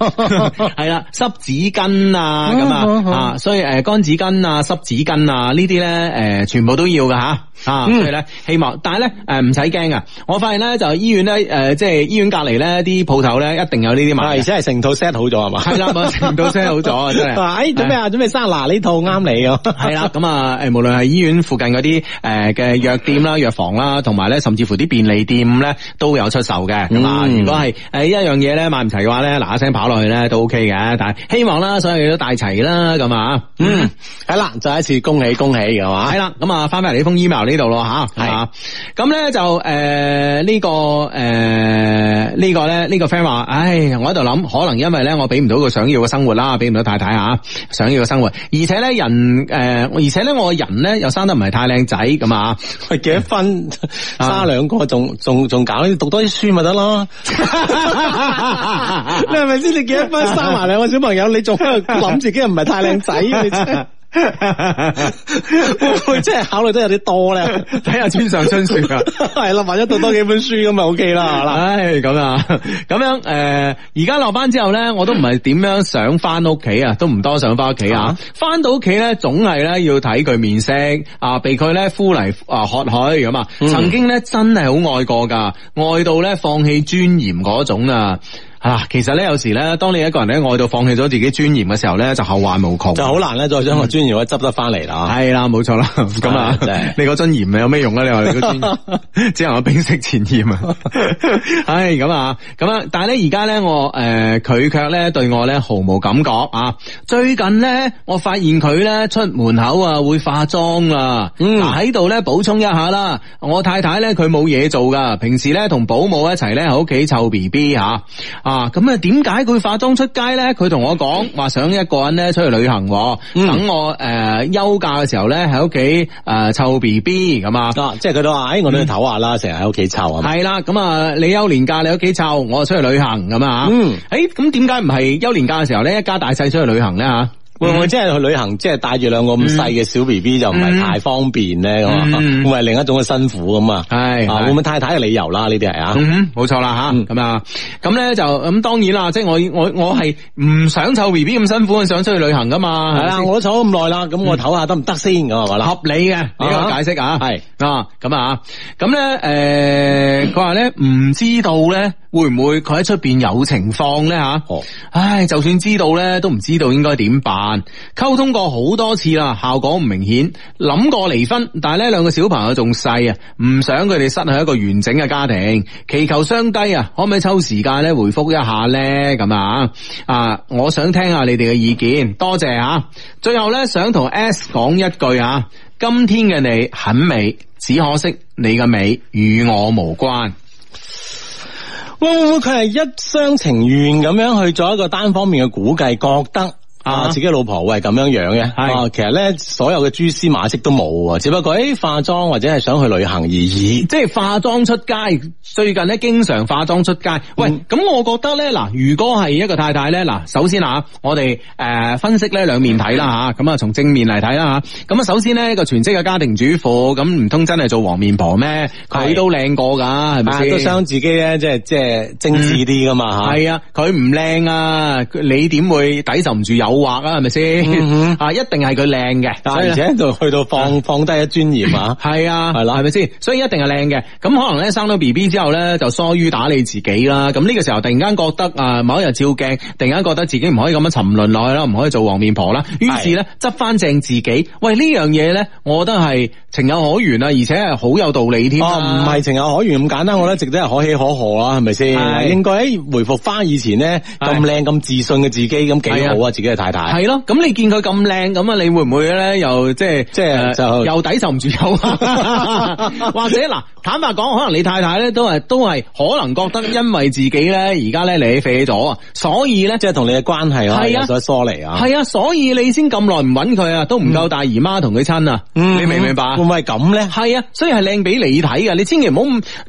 係啦濕紙巾啊咁啊啊，所以誒乾紙巾啊濕紙巾啊呢啲咧誒全部都要噶吓啊，所以咧希望，但係咧誒唔使驚啊，我發現咧就醫院咧誒即係醫院隔籬咧啲鋪頭咧一定有呢啲買，而且係成套 set 好咗係嘛。全部聲好咗啊！真係，誒、欸，準備啊，欸、準備生啦，呢套啱你啊。係啦，咁啊，誒，無論係醫院附近嗰啲誒嘅藥店啦、藥房啦，同埋咧，甚至乎啲便利店咧都有出售嘅。咁、嗯、啊，如果係誒、呃、一樣嘢咧買唔齊嘅話咧，嗱一聲跑落去咧都 OK 嘅，但係希望啦，所有嘢都帶齊啦，咁啊，嗯，係啦、嗯，再一次恭喜恭喜嘅話，係啦，咁啊，翻翻嚟呢封 email 呢度咯吓，係啊，咁咧是、啊、就誒、呃這個呃這個、呢、這個誒呢個咧呢個 friend 話，唉，我喺度諗，可能因為咧我俾唔到個。想要嘅生活啦，俾唔到太太吓，想要嘅生活，而且咧人誒、呃，而且咧我人咧又生得唔係太靚仔咁啊！喂幾多分生兩個，仲仲仲搞，讀多啲書咪得咯？你係咪先？你幾多分生埋兩個小朋友，你仲喺度諗自己又唔係太靚仔？ 會唔會真係考慮得有啲多咧？睇下村上春雪啊， 係啦，或者讀多幾本書咁咪 ok 啦，唉，咁啊、哎，咁樣誒，而家、呃、落班之後咧，我都唔係點樣想翻屋企啊，都唔多想翻屋企啊，翻到屋企咧，總係咧要睇佢面色啊，被佢咧呼嚟啊喝去。咁啊，曾經咧真係好愛過噶，愛到咧放棄尊嚴嗰種啊。啊，其實咧有時咧，當你一個人喺外度放棄咗自己尊嚴嘅時候咧，就後患無窮，就好難咧再將個尊嚴咧執得翻嚟啦。係啦、嗯，冇錯啦，咁啊的，你個尊嚴有咩用啊？你話你個尊嚴，只能去冰釋前嫌啊。唉，咁啊，咁啊，但係咧而家咧我誒，佢卻咧對我咧毫無感覺啊。最近咧我發現佢咧出門口啊會化妝啦。嗱、嗯，喺度咧補充一下啦，我太太咧佢冇嘢做噶，平時咧同保姆一齊咧喺屋企湊 B B 吓。啊，咁啊，點解佢化妝出街咧？佢同我講話想一個人咧出去旅行，嗯、等我誒、呃、休假嘅時候咧喺屋企誒湊 B B 咁啊，即係佢都話，哎，我都唞下啦，成日喺屋企湊啊。係啦，咁啊，你休年假你屋企湊，我就出去旅行咁啊。嗯，哎，咁點解唔係休年假嘅時候咧，一家大細出去旅行咧吓？會唔會真係去旅行，即係帶住兩個咁細嘅小 B B、嗯、就唔係太方便咧？咁、嗯、啊，會係另一種嘅辛苦咁啊？係啊，會唔會太太嘅理由、嗯嗯、啦？呢啲係啊，嗯冇錯啦吓，咁啊，咁咧就咁當然啦，即、就、係、是、我我我係唔想湊 B B 咁辛苦，想出去旅行噶嘛？係啦，我都湊咁耐啦，咁我唞、嗯、下得唔得先咁係啦？合理嘅，俾個解釋啊，係啊，咁啊咁咧誒，佢話咧唔知道咧。會唔會佢喺出邊有情況呢？吓、哦？唉，就算知道呢，都唔知道應該點辦。溝通過好多次啦，效果唔明顯。諗過離婚，但係呢兩個小朋友仲細啊，唔想佢哋失去一個完整嘅家庭。祈求雙低啊，可唔可以抽時間咧回覆一下呢？咁啊啊，我想聽下你哋嘅意見，多謝吓、啊。最後呢，想同 S 講一句啊，今天嘅你很美，只可惜你嘅美與我無關。會唔會佢係一廂情願咁樣去做一個單方面嘅估計，覺得？啊！自己老婆會係咁樣樣嘅，係的啊，其實咧所有嘅蛛絲馬跡都冇啊，的只不過喺、欸、化妝或者係想去旅行而已，即係化妝出街。最近咧經常化妝出街。嗯、喂，咁我覺得咧嗱，如果係一個太太咧嗱，首先啊，我哋誒分析呢兩面睇啦吓，咁啊從正面嚟睇啦吓，咁啊首先咧個全職嘅家庭主婦，咁唔通真係做黃面婆咩？佢的都靚過噶，係咪先都想自己咧即係即係精緻啲噶嘛吓？係啊、嗯，佢唔靚啊，你點會抵受唔住有？畫啊，係咪先啊？一定係佢靚嘅，而且就去到放放低一尊嚴啊！係啊，係啦，係咪先？所以一定係靚嘅。咁可能咧生咗 B B 之後咧，就疏於打理自己啦。咁呢個時候突然間覺得啊，某一日照鏡，突然間覺得自己唔可以咁樣沉淪落去啦，唔可以做黃面婆啦。於是咧執翻正自己。喂，呢樣嘢咧，我覺得係情有可原啊，而且係好有道理添。哦，唔係情有可原咁簡單，我覺得直真係可喜可賀啦，係咪先？係應該回復翻以前呢，咁靚咁自信嘅自己咁幾好啊，自己。太太係咯，咁你見佢咁靚咁啊，你會唔會咧又、呃、即係即係就又抵受唔住又啊？ 或者嗱，坦白講，可能你太太咧都係都係可能覺得，因為自己咧而家咧肥起咗啊，所以咧即係同你嘅關係啊有所疏離啊，係啊，啊，所以你先咁耐唔搵佢啊，都唔夠大姨媽同佢親啊，你明唔明白？會唔會咁咧？係啊，所以係靚俾你睇啊。你千祈唔好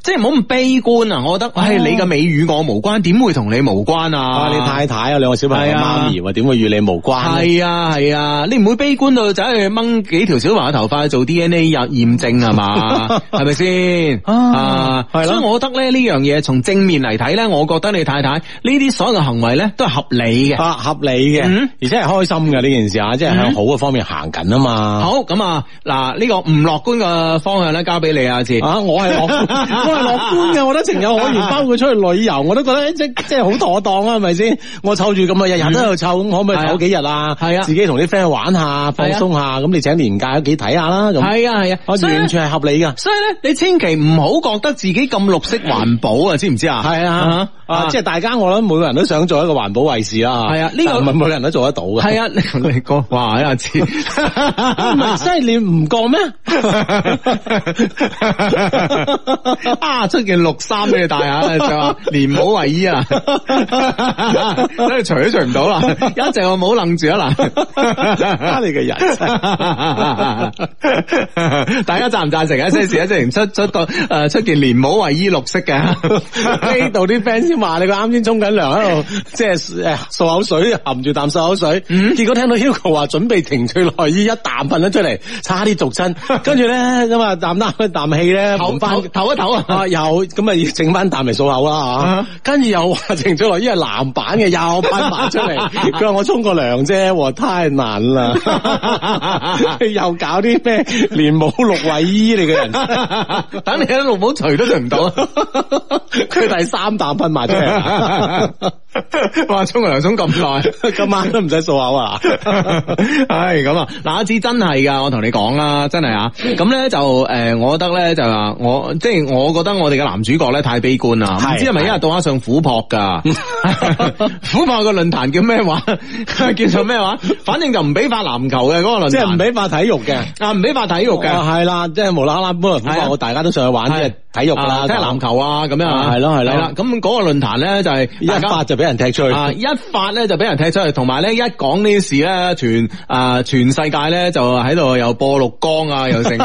即係唔好咁悲觀啊！我覺得、哎、你嘅美與我無關，點、哦、會同你無關啊，啊？你太太啊，兩個小朋友媽咪啊，點會與你？無關係啊，係啊，你唔會悲觀到走去掹幾條小華嘅頭髮去做 DNA 入驗證啊嘛，係咪先啊？係咯，所以我覺得咧呢樣嘢從正面嚟睇咧，我覺得你太太呢啲所有嘅行為咧都係合理嘅，合理嘅，嗯，而且係開心嘅呢件事啊，即係向好嘅方面行緊啊嘛。好，咁啊，嗱呢個唔樂觀嘅方向咧，交俾你啊，志啊，我係樂觀，我係樂觀嘅，我覺得情有可原，包括出去旅遊，我都覺得即即係好妥當啊，係咪先？我湊住咁啊，日日都喺度湊，咁可唔可以？嗰幾日啊，係啊，自己同啲 friend 玩下，放鬆下，咁你請年假都幾睇下啦，咁係啊係啊，完全係合理噶。所以咧，你千祈唔好覺得自己咁綠色環保啊，知唔知啊？係啊，即係大家，我諗每個人都想做一個環保衛士啦。係啊，呢個唔係每個人都做得到嘅。係啊，你講哇，一下唔係，所以你唔講咩？啊，出件綠衫俾你戴下啦，就話環保衛衣啊，所以除都除唔到啦，一陣我唔好愣住啊！嗱，揸你嘅人生，大家讚唔讚成啊？即係前一陣出出個誒出件連帽衛衣綠色嘅，呢度啲 friend 先話你佢啱先沖緊涼喺度，即係誒漱口水含住啖漱口水，結果聽到 Hugo 話準備情趣內衣一啖噴咗出嚟，差啲毒親，跟住咧咁啊啖得啖氣咧唞翻唞一唞啊，又咁啊整翻啖嚟漱口啦吓，跟住又話情趣內衣係藍版嘅，又噴埋出嚟，佢話我沖過。個娘啫，太難啦！ 又搞啲咩連帽綠衛衣你嘅人， 等你喺綠帽除都除唔到，佢 第三啖噴埋出嚟。話沖涼沖咁耐， 今晚都唔使漱口啊！唉、 哎，咁啊！嗱，阿志真係噶、啊，我同你講啦、啊，真係啊！咁咧就誒、呃，我覺得咧就話我，即係我覺得我哋嘅男主角咧太悲觀啦，唔對知係咪因為動下上虎撲噶，虎撲個論壇叫咩話？ 叫做咩話？反正就唔俾發籃球嘅嗰，那個論壇，即係唔俾發體育嘅，啊唔俾發體育嘅，係、oh. 啦，即、就、係、是、無啦啦，本來我大家都上去玩嘅體育的啦，踢籃、啊、啦球啊咁樣，係咯係啦，咁嗰個論壇咧就係一發就俾人踢出去，啊、一發咧就俾人踢出去，同埋咧一講呢事咧，全啊全世界咧就喺度又播綠光啊，又成。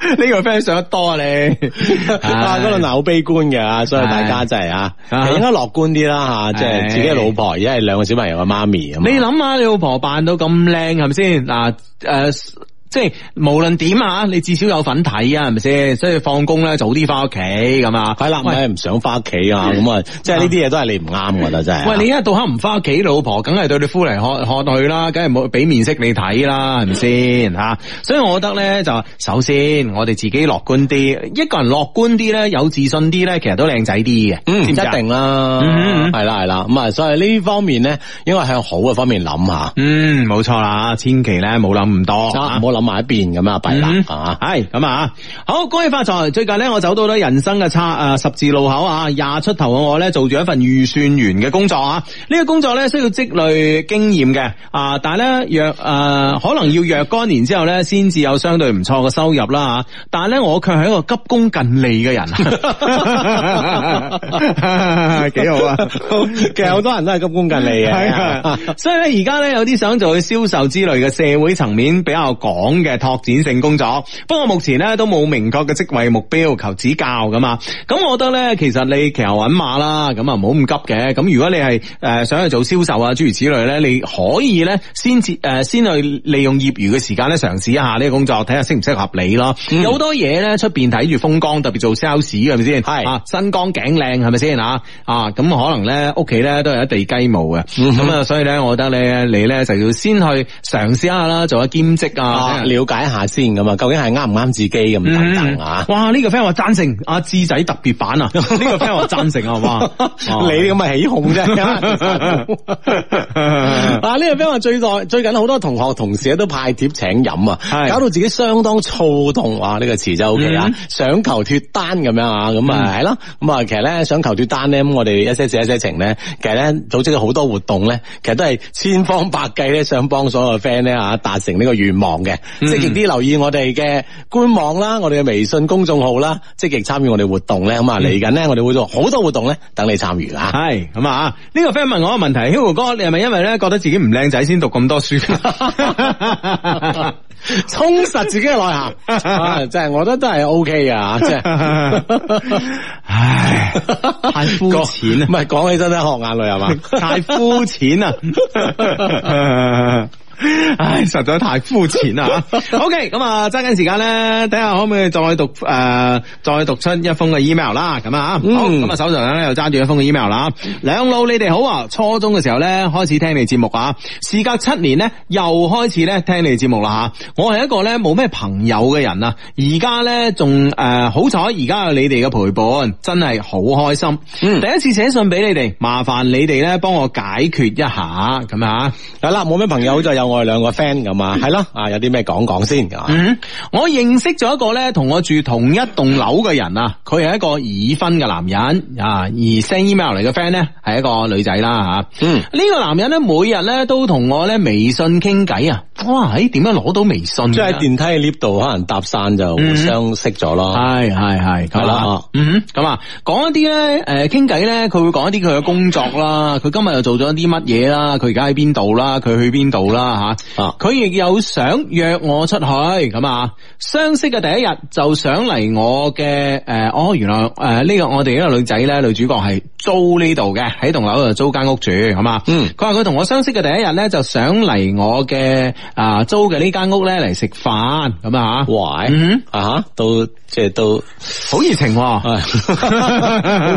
呢個 friend 上得多啊你，啊嗰個男好悲觀嘅啊，所以大家即係啊，應該樂觀啲啦吓，即係是的 自己老婆而家係兩個小朋友嘅媽咪咁。你諗下你老婆扮到咁靚係咪先嗱誒？是即係無論點啊，你至少有份睇啊，係咪先？所以放工咧，早啲翻屋企咁啊。係啦，唔想翻屋企啊，咁啊，即係呢啲嘢都係你唔啱，我覺得真係。喂，你一到黑唔翻屋企，老婆梗係對你呼嚟喝喝去啦，梗係冇俾面色你睇啦，係咪先吓？所以我覺得咧，就首先我哋自己樂觀啲，一個人樂觀啲咧，有自信啲咧，其實都靚仔啲嘅，唔一定啦。係啦係啦，咁啊，所以呢方面咧，應該向好嘅方面諗下。嗯，冇錯啦，千祈咧冇諗咁多，埋一邊咁、嗯、啊，弊啦，係嘛？咁啊，好恭喜發財！最近咧，我走到咗人生嘅叉誒十字路口啊，廿出頭嘅我咧做住一份預算員嘅工作啊，呢、這個工作咧需要積累經驗嘅啊，但係咧若誒、呃、可能要若干年之後咧，先至有相對唔錯嘅收入啦吓、啊，但係咧我卻係一個急功近利嘅人，幾 好啊！其實好多人都係急功近利嘅、 啊，所以咧而家咧有啲想做銷售之類嘅社會層面比較廣。嘅拓展性工作，不過目前咧都冇明確嘅職位目標，求指教㗎嘛。咁我覺得咧，其實你騎牛揾馬啦，咁啊唔好咁急嘅。咁如果你係誒想去做銷售啊諸如此類咧，你可以咧先至誒先去利用業餘嘅時間咧嘗試一下呢個工作，睇下適唔適合你咯。嗯、有好多嘢咧出邊睇住風光，特別做 sales 係咪先？係是啊，身光頸靚係咪先啊？啊咁可能咧屋企咧都係一地雞毛嘅，咁啊、嗯、所以咧我覺得咧你咧就要先去嘗試下啦，做下兼職啊。了解一下先咁啊，究竟係啱唔啱自己咁、嗯、啊？哇！呢、這個 friend 話贊成，阿、啊、志仔特別版啊！呢 個 friend 話贊成 啊，哇！你咁啊起哄啫、啊！嗱、 啊，呢、這個 friend 話最耐，最近好多同學同事都派帖請飲啊，搞到是自己相當躁動、這個、啊！呢個詞就 OK 啦，想求脫單咁樣啊，咁啊係啦，咁啊其實咧想求脫單咧，咁我哋一些事一些情咧，其實咧組織咗好多活動咧，其實都係千方百計咧想幫所有嘅 friend 咧啊達成呢個願望嘅。積極啲留意我哋嘅官網啦，我哋嘅微信公眾號啦，積極參與我哋活動咧，咁啊嚟緊咧我哋會做好多活動咧等你參與啊，係咁啊！呢、這個 friend 問我個問題，Hugo 哥，你係咪因為咧覺得自己唔靚仔先讀咁多書，充實 自己嘅內涵？即、 啊、真係我覺得都係 OK 㗎。」即係，唉，太膚淺啦！唔係講起身咧，學眼淚係嘛， 太膚淺啊！ 唉、哎，實在太膚淺啦！OK，咁啊，揸緊時間咧，睇下可唔可以再讀誒、呃，再讀出一封嘅 email 啦，咁啊、嗯，好，咁啊，手上咧又揸住一封嘅 email 啦。兩老，你哋好啊！初中嘅時候咧，開始聽你哋節目啊，事隔七年咧，又開始咧聽你哋節目啦吓。我係一個咧冇咩朋友嘅人啊，而家咧仲誒好彩，而家有你哋嘅陪伴，真係好開心。嗯、第一次寫信俾你哋，麻煩你哋咧幫我解決一下咁啊。係啦，冇咩朋友、嗯、就又。我哋兩個 friend 咁啊，係咯啊，有啲咩講講先啊？嗯，我認識咗一個咧，同我住同一棟樓嘅人啊，佢係一個已婚嘅男人啊，而 send email 嚟嘅 friend 咧係一個女仔啦吓。嗯，呢個男人咧，每日咧都同我咧微信傾偈啊。我話誒，點樣攞到微信？即係喺電梯嘅 lift 度可能搭訕就互相識咗咯。係係係，係啦。嗯，咁啊，講一啲咧，誒，傾偈咧，佢會講一啲佢嘅工作啦，佢今日又做咗啲乜嘢啦，佢而家喺邊度啦，佢去邊度啦吓。佢亦有想約我出去，咁啊，相識嘅第一日就想嚟我嘅，誒，哦，原來誒呢、呃這個我哋呢個女仔咧，女主角係租呢度嘅，喺棟樓度租間屋住，係嘛。嗯，佢話佢同我相識嘅第一日咧，就想嚟我嘅。啊！租嘅呢間屋咧嚟食飯咁啊吓，喂，嗯啊哈，都即係都好熱情，好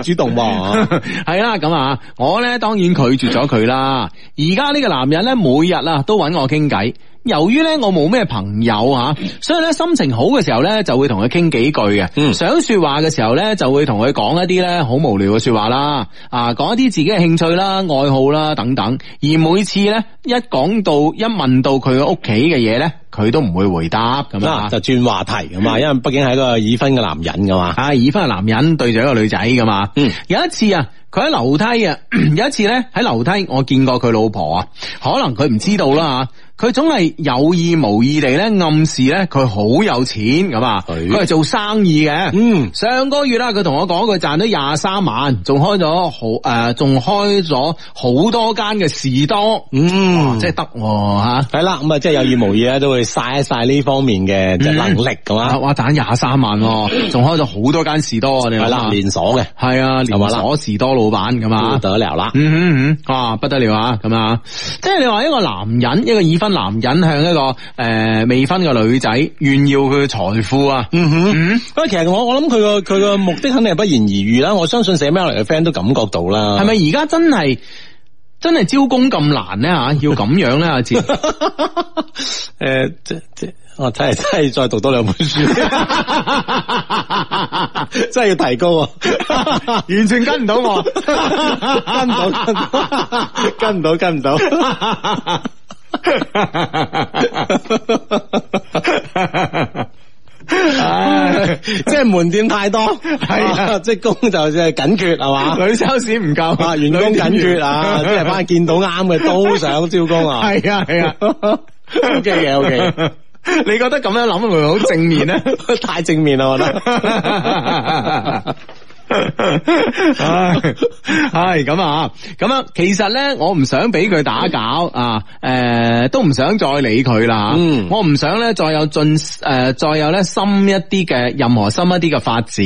主動，係啦咁啊！ 我咧當然拒絕咗佢啦。而家呢個男人咧，每日啊都揾我傾偈。由於咧我冇咩朋友吓，所以咧心情好嘅時候咧就會同佢傾幾句嘅。嗯、想說話嘅時候咧就會同佢講一啲咧好無聊嘅說話啦。啊，講一啲自己嘅興趣啦、愛好啦等等。而每次咧一講到一問到佢屋企嘅嘢咧，佢都唔會回答咁啊，就轉話題咁啊。嗯、因為畢竟係一個已婚嘅男人噶嘛，啊，已婚嘅男人對住一個女仔噶嘛。嗯有， 有一次啊，佢喺樓梯啊，有一次咧喺樓梯我見過佢老婆啊，可能佢唔知道啦佢總係有意無意地咧暗示咧，佢好有錢咁啊！佢係做生意嘅。嗯，上個月啦，佢同我講，佢賺咗廿三萬，仲開咗好誒，仲、呃、開咗好多間嘅士多。嗯，即係得吓。係啦，咁啊，即係有意無意咧，都會晒一晒呢方面嘅即係能力咁、嗯嗯嗯、啊！哇、啊，賺廿三萬，仲開咗好多間士多，你話連鎖嘅係啊，連鎖了士多老闆咁、嗯嗯嗯、啊，不得了啦！嗯嗯不得了啊！咁啊，即係你話一個男人一個已婚。男人向一個誒、呃、未婚嘅女仔炫耀佢嘅財富啊嗯，嗯哼，不過其實我我諗佢個佢個目的肯定係不言而喻啦，我相信寫咩嚟嘅 friend 都感覺到啦是是。係咪而家真係真係招工咁難咧吓？要咁樣咧阿志？誒、 呃，即即我真係真係再讀多兩本書，真係要提高、啊，完全跟唔到我，跟唔到，跟唔到，跟唔到。即係、 哎就是、門店太多，係即、啊啊就是、工就即係緊缺係嘛，女收市唔夠，員、啊、工緊缺啊，即係反正見到啱嘅都想招工啊，係啊係啊 ，OK 嘅 OK，你覺得咁樣諗會唔會好正面咧？ 太正面啦，我覺得。 係咁啊，咁 啊，其實咧，我唔想俾佢打攪啊，誒，都唔想再理佢啦。嗯，我唔想咧再有進誒、呃，再有咧深一啲嘅任何深一啲嘅發展，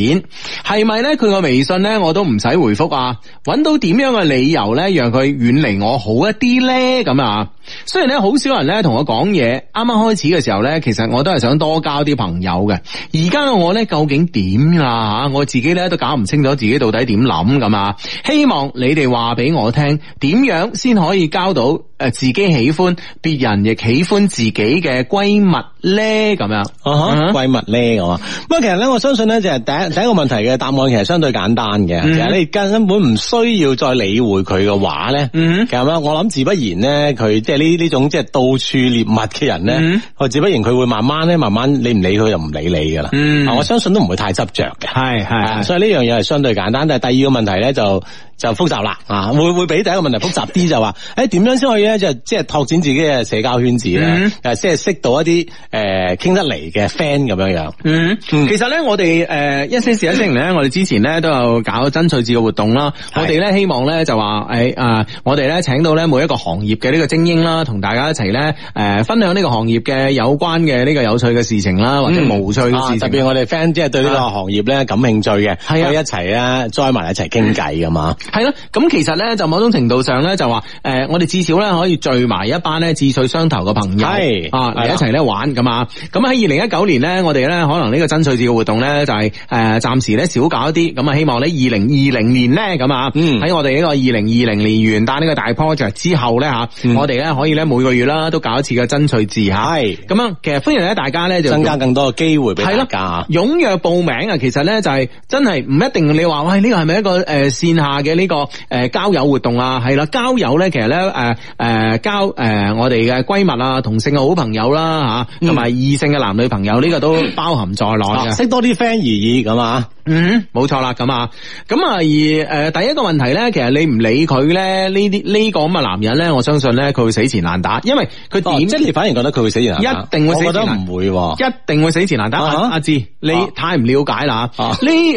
係咪咧？佢個微信咧，我都唔使回覆啊。搵到點樣嘅理由咧，讓佢遠離我好一啲咧？咁啊，雖然咧好少人咧同我講嘢，啱啱開始嘅時候咧，其實我都係想多交啲朋友嘅。而家嘅我咧，究竟點啊吓，我自己咧都搞唔。清楚自己到底點諗咁啊？希望你哋話俾我聽，點樣先可以交到？誒，自己喜歡，別人亦喜歡自己嘅閨蜜咧，咁樣啊，閨蜜咧，我、huh.，不過其實咧，我相信咧，就係第第一個問題嘅答案，其實相對簡單嘅，其實、mm hmm. 你根本唔需要再理會佢嘅話咧，嗯、mm hmm. 其實我諗自不然咧，佢即係呢呢種即係到處獵物嘅人咧，我、mm hmm. 自不然佢會慢慢咧，慢慢你理唔理佢就唔理你噶啦，嗯、mm，hmm. 我相信都唔會太執着嘅，係係、mm，hmm. 所以呢樣嘢係相對簡單，但係第二個問題咧就就複雜啦，啊、mm，會、hmm. 會比第一個問題複雜啲，就話，誒，點樣先可以？即係拓展自己嘅社交圈子咧，誒、mm，hmm. 即係識到一啲誒傾得嚟嘅 friend 咁樣樣。嗯、mm，hmm. 其實咧我哋誒一些事一些情咧，mm hmm. 我哋之前咧都有搞爭取志嘅活動啦。我哋咧希望咧就話誒啊，我哋咧請到咧每一個行業嘅呢個精英啦，同大家一齊咧誒分享呢個行業嘅有關嘅呢、這個有趣嘅事情啦，或者無趣嘅事情、mm hmm. 啊。特別我哋 friend 即係對呢個行業咧感興趣嘅，喺、啊、一齊咧栽埋一齊傾偈噶嘛。係咯、mm，咁、hmm. 其實咧就某種程度上咧就話誒、呃，我哋至少咧。可以聚埋一班咧志趣相投嘅朋友，係是啊，嚟一齊咧玩咁啊！咁喺二零一九年咧，我哋咧可能呢個志趣聚嘅活動咧就係誒暫時咧少搞一啲，咁啊希望咧二零二零年咧咁啊，喺我哋呢個二零二零年元旦呢個大 project 之後咧吓，嗯、我哋咧可以咧每個月啦都搞一次嘅志趣聚吓，係咁啊！其實歡迎咧大家咧就增加更多嘅機會俾大家啊！踴躍報名啊！其實咧就係真係唔一定你話喂呢個係咪一個誒、呃、線下嘅呢、這個誒、呃、交友活動啊？係啦，交友咧其實咧誒誒。呃呃誒、呃，交誒、呃，我哋嘅閨蜜啊，同性嘅好朋友啦、啊，吓、啊，同埋異性嘅男女朋友，呢、這個都包含在內、嗯、啊。識多啲 friend 而已，咁啊。嗯，冇錯啦，咁啊，咁啊而誒，第一個問題咧，其實你唔理佢咧，呢啲呢個咁嘅男人咧，我相信咧，佢會死纏爛打，因為佢點即係你反而覺得佢會死纏爛打，一定會死纏爛打，我覺得唔會，一定會死纏爛打。阿阿志，你太唔了解啦，你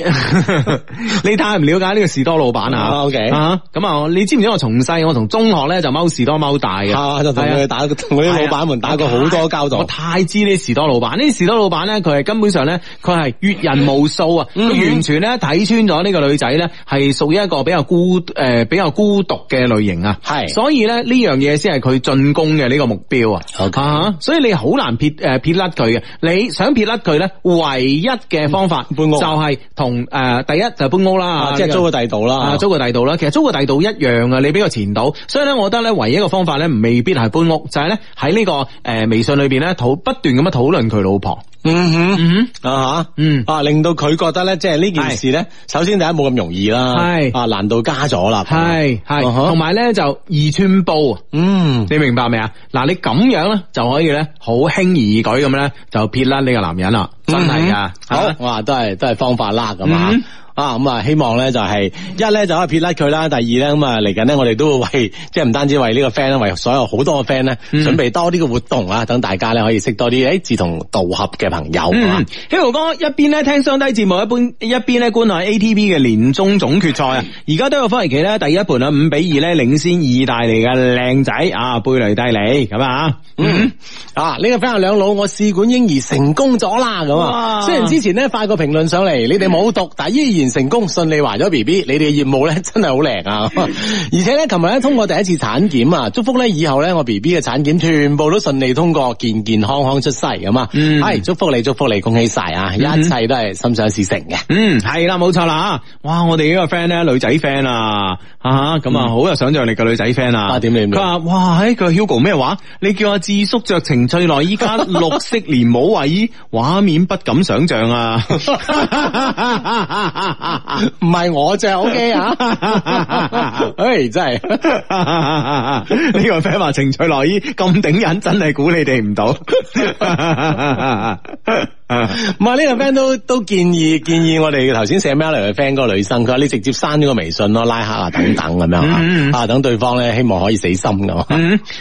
你太唔了解呢個士多老闆啊，OK 咁啊，你知唔知我從細，我同中學咧就踎士多踎大嘅，就同佢打，同啲老闆們打過好多交道，我太知呢士多老闆，呢士多老闆咧，佢係根本上咧，佢係閱人無數啊。完全咧睇穿咗呢個女仔咧，係屬於一個比較孤誒、呃、比較孤獨嘅類型啊。係是，所以咧呢樣嘢先係佢進攻嘅呢個目標 Okay. 啊。所以你好難撇誒、呃、撇甩佢嘅。你想撇甩佢咧，唯一嘅方法、呃、搬屋，就係同誒第一就搬屋啦、啊、即係租個地度啦、啊啊，租個地度啦。其實租個地度一樣啊，你俾個前度。所以咧，我覺得咧，唯一嘅方法咧，未必係搬屋，就係咧喺呢個誒、呃、微信裏邊咧討不斷咁樣討論佢老婆。嗯嗯嗯啊吓，嗯啊令到佢覺得咧，即係呢件事咧，首先第一冇咁容易啦，係啊難度加咗啦，係係，同埋咧就二寸布，嗯，你明白未啊？嗱，你咁樣咧就可以咧，好輕而易舉咁咧就撇甩呢個男人啦，真係㗎，好哇，都係都係方法啦，咁啊。啊咁啊、嗯，希望咧就係、是、一咧就可、是、以撇甩佢啦。第二咧咁啊，嚟緊咧我哋都會為即係唔單止為呢個 friend，為所有好多嘅 friend 咧準備多啲嘅活動啊，等大家咧可以識多啲誒志同道合嘅朋友。希豪、嗯、吧哥一邊咧聽雙低節目，一般一邊咧觀看 ATP 嘅年終總決賽啊。而家、嗯、都有范期咧第一盤啊五比二咧領先意大利嘅靚仔啊貝雷蒂尼咁啊。啊嗯啊呢個 friend 兩老我試管嬰兒成功咗啦咁啊。哇雖然之前呢，發個評論上嚟你哋冇讀，嗯、但依然。成功順利懷咗 B B，你哋嘅業務咧真係好靚啊！ 而且咧，琴日咧通過第一次產檢啊，祝福咧以後咧我 B B 嘅產檢全部都順利通過，健健康康出世咁啊！係、嗯哎、祝福你，祝福你，恭喜晒啊！一切都係心想事成嘅。嗯，係啦，冇錯啦啊！哇，我哋呢個 friend 咧女仔 friend 啊，吓咁啊好有想象力嘅女仔 friend 啊，點你、嗯啊？佢話哇，喺佢 Hugo 咩話？你叫阿智叔着情趣內衣，依家綠色連帽衛衣，畫 面不敢想象啊！ 唔係我啫，O K 啊，哎，真係呢個 friend 話情趣內衣咁頂癮，真係估你哋唔到。唔係呢個 friend 都都建議建議我哋頭先寫 email 嚟嘅 friend 個女生，佢話你直接刪咗個微信咯，拉黑啊，等等咁樣啊，等對方咧希望可以死心噶嘛。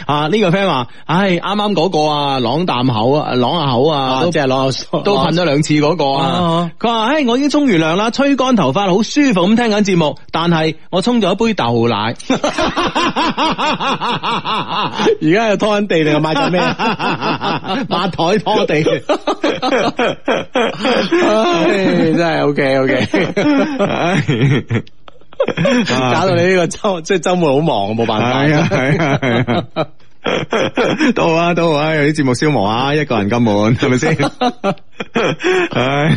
啊呢個 friend 話，唉啱啱嗰個啊朗啖口啊朗下口啊，都即係朗都噴咗兩次嗰個啊。佢話，唉我已經沖完涼啦，吹乾頭髮，好舒服咁聽緊節目，但係我沖咗一杯豆奶。而家又拖緊地定係買咗咩啊？抹台拖地。 哎，真係 OK OK， 搞到你呢個周即係周末好忙，冇辦法，係啊係啊，都好啊都好啊，有啲節目消磨啊， 一個人咁悶係咪先？ 吧 唉，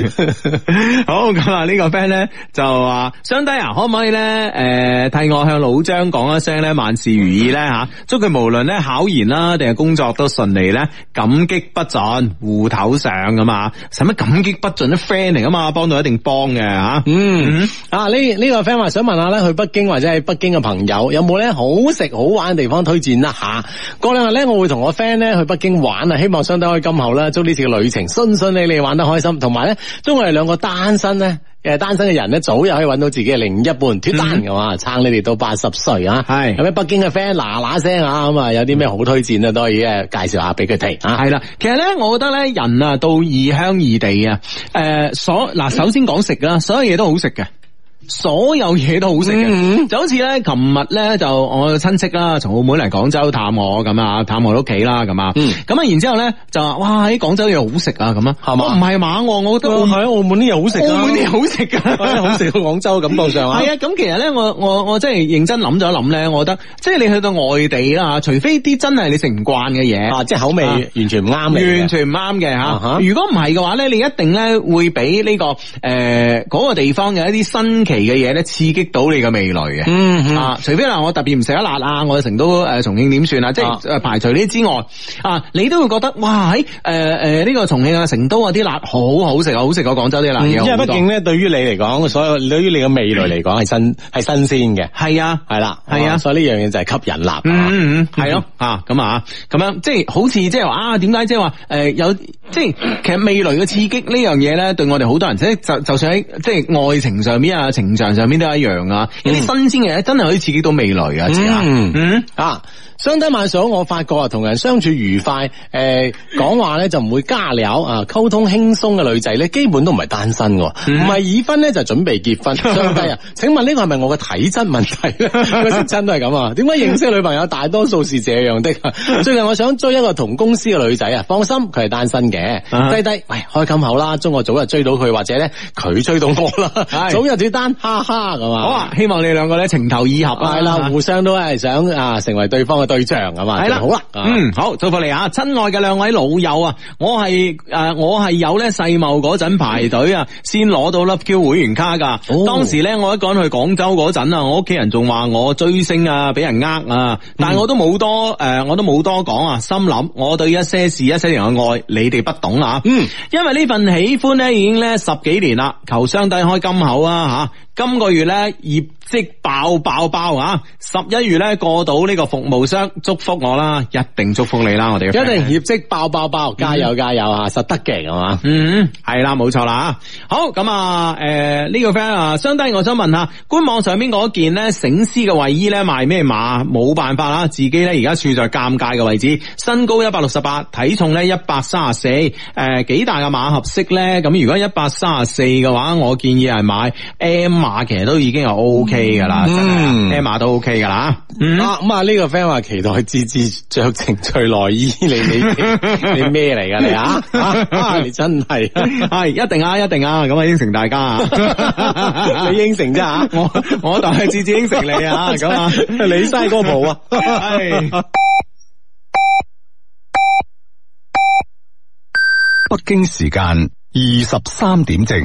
好咁啊！個 fan 呢個 friend 咧就話，兄弟啊，可唔可以咧？誒、呃，替我向老張講一聲咧，萬事如意咧吓， 祝佢無論咧考研啦，定係工作都順利咧，感激不盡，戶頭上噶嘛？使乜感激不盡？啲 friend 嚟噶嘛？幫到一定幫嘅吓。啊、嗯，嗯啊呢呢、這個 friend 話想問下咧，去北京或者喺北京嘅朋友有冇咧好食好玩嘅地方推薦啦？吓，過兩日咧我會同我 friend 咧去北京玩啊，希望兄弟可以今後咧祝呢次嘅旅程相信你哋玩得開心，同埋咧，都我哋兩個單身咧，誒，單身嘅人咧，早日可以揾到自己嘅另一半脱單嘅話，撐、嗯、你哋到八十歲啊！係咁是，喺北京嘅 friend 嗱嗱聲啊，咁啊，有啲咩好推薦啊？都可以啊，介紹下俾佢哋，啊！係啦，其實咧，我覺得咧，人啊，到異鄉異地啊，誒，所嗱，首先講食啊，嗯、所有嘢都好食嘅。所有嘢都好食嘅，嗯、就好似咧，琴日咧就我親戚啦，從澳門嚟廣州探我咁、嗯、啊，探嗎我屋企啦咁啊，咁啊，然之後咧就話哇喺廣州啲嘢好食啊，咁啊，係嘛？唔係嘛？我我覺得喺澳門啲嘢好食，澳門啲好食噶，好食到廣州，感覺上係啊。咁其實咧，我我我真係認真諗咗一諗咧，我覺得即係你去到外地啦，除非啲真係你食唔慣嘅嘢，即係口味完全唔啱嘅，完全唔啱嘅吓。啊、哈如果唔係嘅話咧，你一定咧會俾呢、這個誒嗰、呃那個地方嘅一啲新。奇嘅嘢咧，刺激到你嘅味蕾嘅，嗯、哼啊，除非嗱我特別唔食得辣啊，我成都誒、呃、重慶點算啊？即係排除呢啲之外啊，你都會覺得哇誒誒呢個重慶啊成都啊啲辣好好食啊，好食過廣州啲辣嘢，因為畢竟咧對於你嚟講，所有對於你嘅味蕾嚟講係新係 新鮮嘅，係啊係啦係啊，所以呢樣嘢就係吸引辣，嗯嗯係咯啊咁啊咁樣，即係好似、啊呃、即係話啊點解即係話誒有即係其實味蕾嘅刺激呢樣嘢咧，對我哋好多人即係 就就算喺即係愛情上面啊。形象上面都係一樣啊，有啲新鮮嘅嘢真係可以刺激到未來、嗯、啊，知啊？嗯啊。相睇萬想，我發覺啊，同人相處愉快，誒、呃，講話咧就唔會加料啊，溝通輕鬆嘅女仔咧，基本都唔係單身㗎，唔係已婚咧就準備結婚。相弟啊，請問呢個係咪我嘅體質問題咧？ 他真都係咁啊？點解認識女朋友大多數是這樣的 最近我想追一個同公司嘅女仔啊，放心，佢係單身嘅。啊、低低，喂，開金口啦，祝我早日追到佢，或者咧佢追到我啦， 是早日結單，哈哈咁啊！好啊，希望你哋兩個咧情投意合啊，係啦，互相都係想啊、呃、成為對方嘅。對象啊嘛，係啦，好啦，嗯，好，再覆嚟啊，親愛嘅兩位老友啊，我係誒、呃，我係有咧世貿嗰陣排隊啊，嗯、先攞到 LOVEQ 會員卡噶，哦、當時咧我一趕去廣州嗰陣啊，我屋企人仲話我追星啊，俾人呃啊，嗯、但係我都冇多誒、呃，我都冇多講啊，心諗我對一些事一些人嘅愛，你哋不懂啦、啊，嗯，因為呢份喜歡咧，已經咧十幾年啦，求相帝開金口啊，吓、啊。今個月呢業績爆爆爆啊！十一月呢過到呢個服務商祝福我啦，一定祝福你啦，我哋一定業績爆爆爆，加油、嗯、加油啊！實得勁啊嘛，嗯係啦，冇錯啦，好咁啊，誒呢、呃這個 friend 啊，相低我想問下，官網上面嗰件呢醒獅嘅衛衣呢，賣咩碼？冇辦法啦，自己呢而家處在尷尬嘅位置，身高一百六十八，體重呢一百三十四，誒幾大嘅碼合適呢？咁如果一百三十四嘅話，我建議係買 M 碼。馬其實都已經係 OK 噶啦，黑、嗯、馬都 OK 噶啦。啊咁、嗯、啊、呢、這個 friend 話期待志志着情趣內衣，你你你咩嚟噶你，你啊，啊？你真係係 一定啊，一定啊，咁啊應承大家 啊，你應承啫啊！我我但係志志應承你啊，咁啊，你犀哥冇啊？係 北京時間二十三點正。